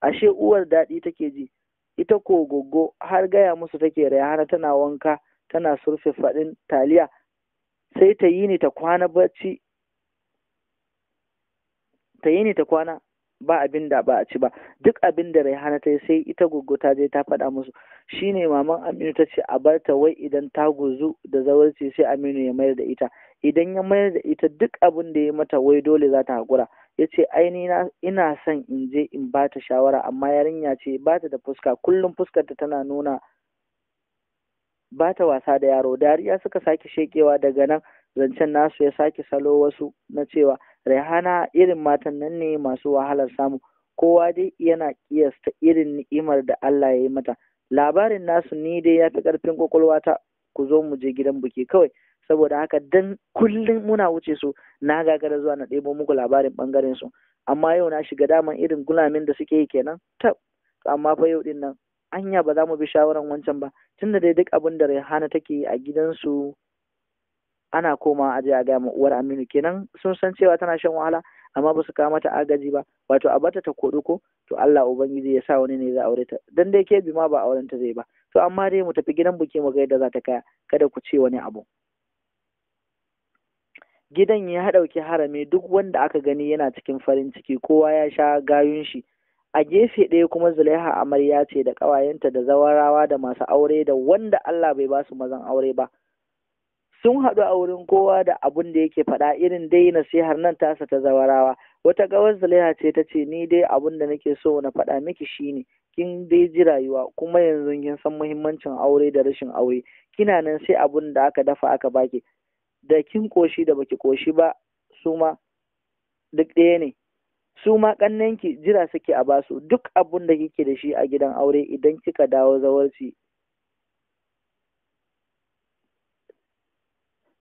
ashe uwar daɗi take ji ita ko goggo har gaya musu take hana tana wanka tana surfe faɗin taliya sai ta yi ni ta kwana bacci ta yi ni ta kwana ba abin da ba a ci ba duk abin da raihana ta yi sai ita goggo ta je ta faɗa musu shine maman aminu ta ce a bar ta wai idan ta gozu da zawarci sai aminu ya mayar da ita idan ya mayar da ita duk abin da ya mata wai dole za ta haƙura ya ce aini ina son in je in ba ta shawara amma yarinya ce ba ta da fuska kullum fuskarta tana nuna ba ta wasa da yaro dariya suka sake shekewa daga nan zancen nasu ya sake salo wasu na cewa Rehana irin matan nan ne masu wahalar samu kowa dai yana kiyasta irin ni'imar da Allah ya yi mata labarin nasu ni dai ya fi ƙarfin kwakwalwata ku zo mu je gidan buki kawai saboda haka dan kullum muna wuce su na gagara zuwa na ɗebo muku labarin ɓangaren su amma yau na shiga daman irin gulamin da suke yi kenan ta amma fa yau din nan anya ba za mu bi shawaran wancan ba tunda dai duk abin da Rehana take yi a gidansu ana komawa aje a gaya uwar Aminu kenan sun san cewa tana shan wahala amma ba su kawo mata agaji ba wato a bata ta kodu ko to Allah ubangiji ya sa wani ne za aure ta dan dai ke bi ma ba auren ta zai ba to amma dai mu tafi gidan buke mu ga yadda za ta kaya kada ku ce wani abu gidan ya ɗauki harami duk wanda aka gani yana cikin farin ciki kowa ya sha gayun shi a gefe ɗaya kuma zulaiha amarya ce da ƙawayenta da zawarawa da masu aure da wanda Allah bai ba su mazan aure ba sun haɗu a wurin kowa da abun da yake faɗa irin dai nasihar nan tasa ta zawarawa wata gawar zulaiha ce ta ce ni dai abun da nake so na faɗa miki shine kin dai ji rayuwa kuma yanzu kin san muhimmancin aure da rashin aure kina nan sai abun da aka dafa aka baki da kin koshi da baki koshi ba su ma duk ɗaya ne su ma kannanki jira suke a basu duk abun da kike da shi a gidan aure idan kika dawo zawarci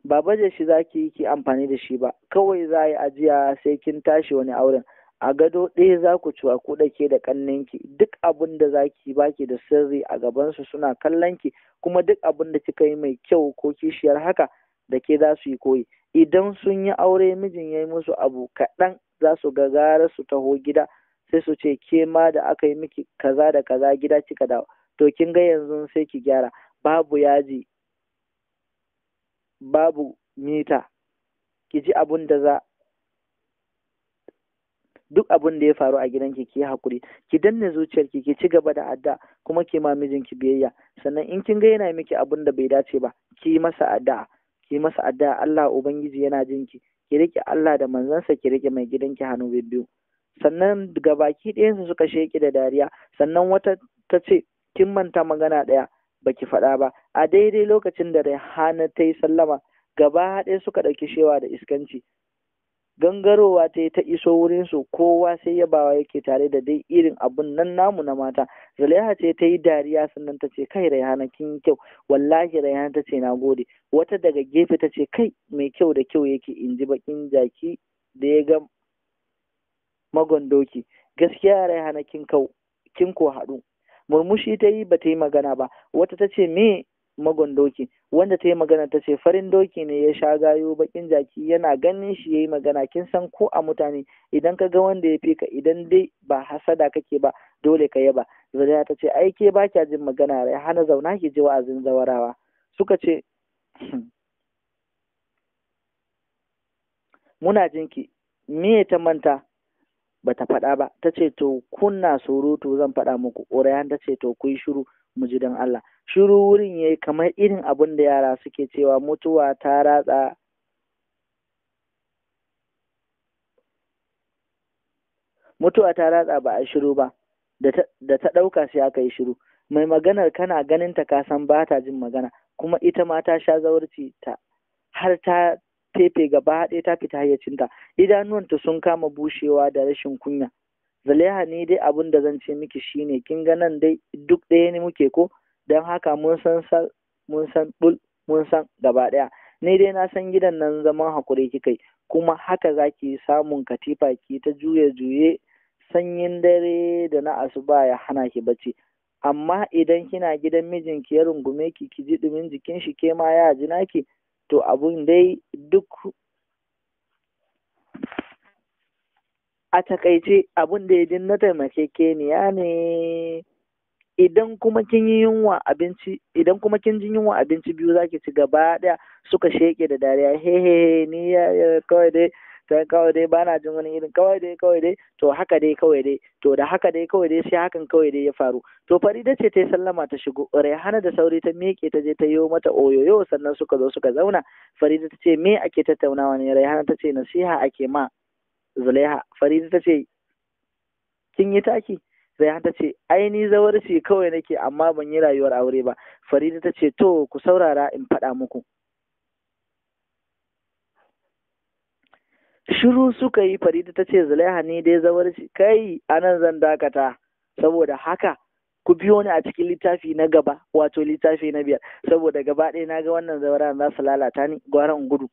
ba baje shi za ki yi amfani da shi ba kawai za a yi ajiya sai kin tashi wani auren a gado ɗaya za ku ci ku ɗake da ƙanninki duk abin da za ki ba ki da sirri a gabansu suna kallon ki kuma duk abin da kika yi mai kyau ko kishiyar haka da ke za su yi koyi idan sun yi aure mijin ya yi musu abu kaɗan za su ga gara su taho gida sai su ce ke ma da aka yi miki kaza da kaza gida kika dawo to kin ga yanzu sai ki gyara babu yaji babu mita ki ji abun da za duk abun da ya faru a gidanki ki yi hakuri ki danne zuciyarki ki ci gaba da adda kuma ki ma mijinki biyayya sannan in kin ga yana miki abun da bai dace ba ki masa addu'a ki masa adda Allah ubangiji yana jinki ki rike Allah da manzansa ki rike mai gidan ki hannu biyu sannan gabaki ɗayansu suka sheki da dariya sannan wata ta ce kin manta magana ɗaya baki faɗa ba a daidai lokacin da Rehana ta yi sallama gaba ɗaya suka ɗauki shewa da iskanci gangarowa ta yi ta iso wurin su kowa sai yabawa yake tare da dai irin abun nan namu na mata zulaiha ce ta yi dariya sannan ta ce kai raihana kin kyau wallahi raihana ta ce nagode wata daga gefe ta ce kai mai kyau da kyau yake in ji bakin jaki da ya ga magondoki gaskiya raihana kin kau kin ko haɗu murmushi ta yi ba ta yi magana ba wata ta ce me magon doki wanda ta yi magana ta ce farin doki ne ya sha gayo bakin jaki yana ganin shi ya yi magana kin san ko a mutane idan ka ga wanda ya fi ka idan dai ba hasada kake ba dole ka yaba zuriya ta ce ai ke ba kya jin magana ya hana zauna ki ji wa'azin zawarawa suka ce muna jinki me ta manta bata faɗa ba ta ce to kunna surutu zan faɗa muku ƙorayan ta ce to ku yi shiru mu ji don Allah shiru wurin yayi kamar irin abin da yara suke cewa mutuwa ta ratsa mutuwa ta ratsa ba a shiru ba da ta ɗauka sai aka yi shiru mai maganar kana ganin ta ka san ba ta jin magana kuma ita ma ta sha zawarci ta har ta tefe gaba ɗaya ta fita hayyacinta idanuwanta sun kama bushewa da rashin kunya zaliha ne dai abin da zan ce miki shine kin ga nan dai duk ɗaya ne muke ko don haka mun san mun san bul mun san gaba ɗaya ni dai na san gidan nan zaman hakuri yi. kuma haka zaki samun katifa ki ta juye juye sanyin dare da na asuba ya hana ki bacci amma idan kina gidan mijinki ya rungume ki ki ji dumin jikin shi ke ma ya ji naki to abun dai duk a takaice abun da ya na taimakekeniya ne idan kuma kin yi yunwa abinci idan kuma kin ji yunwa abinci biyu zaki ci gaba daya suka sheke da dariya he-he-he, ni ya kawai dai ta kawai dai bana jin wani irin kawai dai kawai dai to haka dai kawai dai to da haka dai kawai dai sai hakan kawai dai ya faru to farida ce ta yi sallama ta shigo raihana da sauri ta miƙe ta je ta yi mata oyoyo sannan suka zo suka zauna farida ta ce me ake tattaunawa ne raihana ta ce nasiha ake ma zulaiha farida ta ce kin yi taki Raihan ta ce, ai zawarci kawai nake amma ban yi rayuwar aure ba. Farida ta ce, to ku saurara in faɗa muku. shiru suka yi farida ta ce zulaiha ne dai zawarci kai anan zan dakata saboda haka ku biyo ni a cikin littafi na gaba wato littafi na biyar saboda gaba ɗaya na ga wannan zawaran za su lalata ni gwara in gudu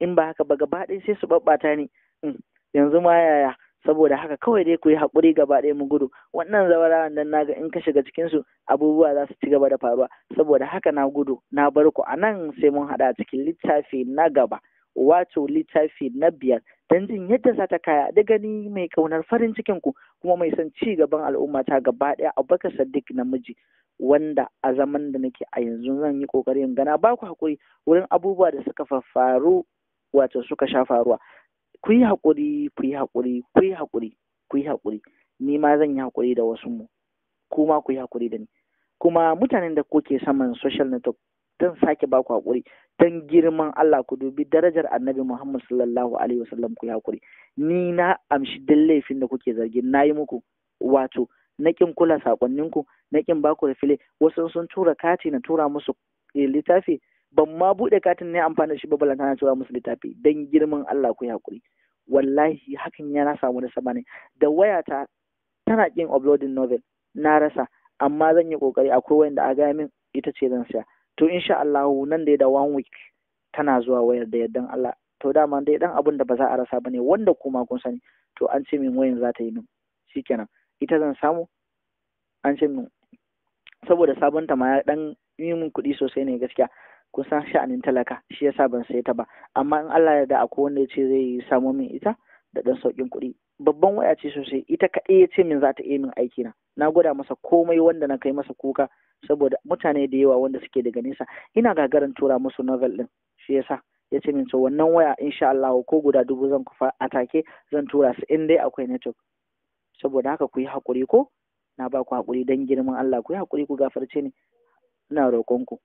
in ba haka ba gaba ɗaya sai su babbata ni mm, yanzu ma yaya saboda haka kawai dai ku yi haƙuri gaba ɗaya mu gudu wannan zawarawan nan naga in ka shiga cikinsu abubuwa za su ci gaba da faruwa saboda haka na gudu na bar ku a sai mun haɗa cikin littafi na gaba wato littafi na biyar don jin yadda za ta kaya da gani mai kaunar farin cikin ku kuma mai son ci gaban al'umma ta gaba ɗaya, abubakar sadiq namiji wanda a zaman da nake a yanzu zan yi kokarin gana ba ku haƙuri wurin abubuwa da suka faru wato suka sha faruwa ku yi haƙuri, ku yi haƙuri, ku yi haƙuri, ku yi haƙuri, ni ma zan yi haƙuri da wasu mu kuma ku yi haƙuri da ni kuma mutanen da kuke saman social network don sake ba ku haƙuri don girman Allah ku dubi darajar annabi Muhammad sallallahu alaihi wasallam ku haƙuri ni na amshi duk laifin da kuke zargin na yi muku wato na kin kula sakonninku na kin ba ku rafile wasu sun tura kati na tura musu eh, littafi ban ma buɗe katin ne amfani da shi ba balanta na tura musu littafi don girman Allah ku haƙuri wallahi hakan ya na samu nasaba ne da wayata tana kin uploading novel na rasa amma zan yi kokari akwai wanda a gaya min ita ce zan siya to insha Allah nan dai da one week tana zuwa wayar da yardan Allah to dama dai dan abin da ba za a rasa bane wanda kuma kun sani to an ce min wayan za ta yi min shikenan ita zan samu an ce min saboda sabonta ma ya dan yi min kuɗi sosai ne gaskiya kun san sha'anin talaka shi yasa ban sai ta ba amma in Allah ya da akwai wanda ya ce zai samo min ita da dan saukin kuɗi babban waya ce sosai ita kaɗai ya ce min za ta iya min aiki na na gwada masa komai wanda na kai masa kuka saboda mutane da yawa wanda suke daga nesa ina gagarin tura musu novel din shi yasa ya ce min to wannan waya insha Allah ko guda dubu zan kufa a take zan tura su in dai akwai network saboda haka ku yi hakuri ko na ba ku hakuri dan girman Allah ku yi hakuri ku gafarce ni ina roƙon ku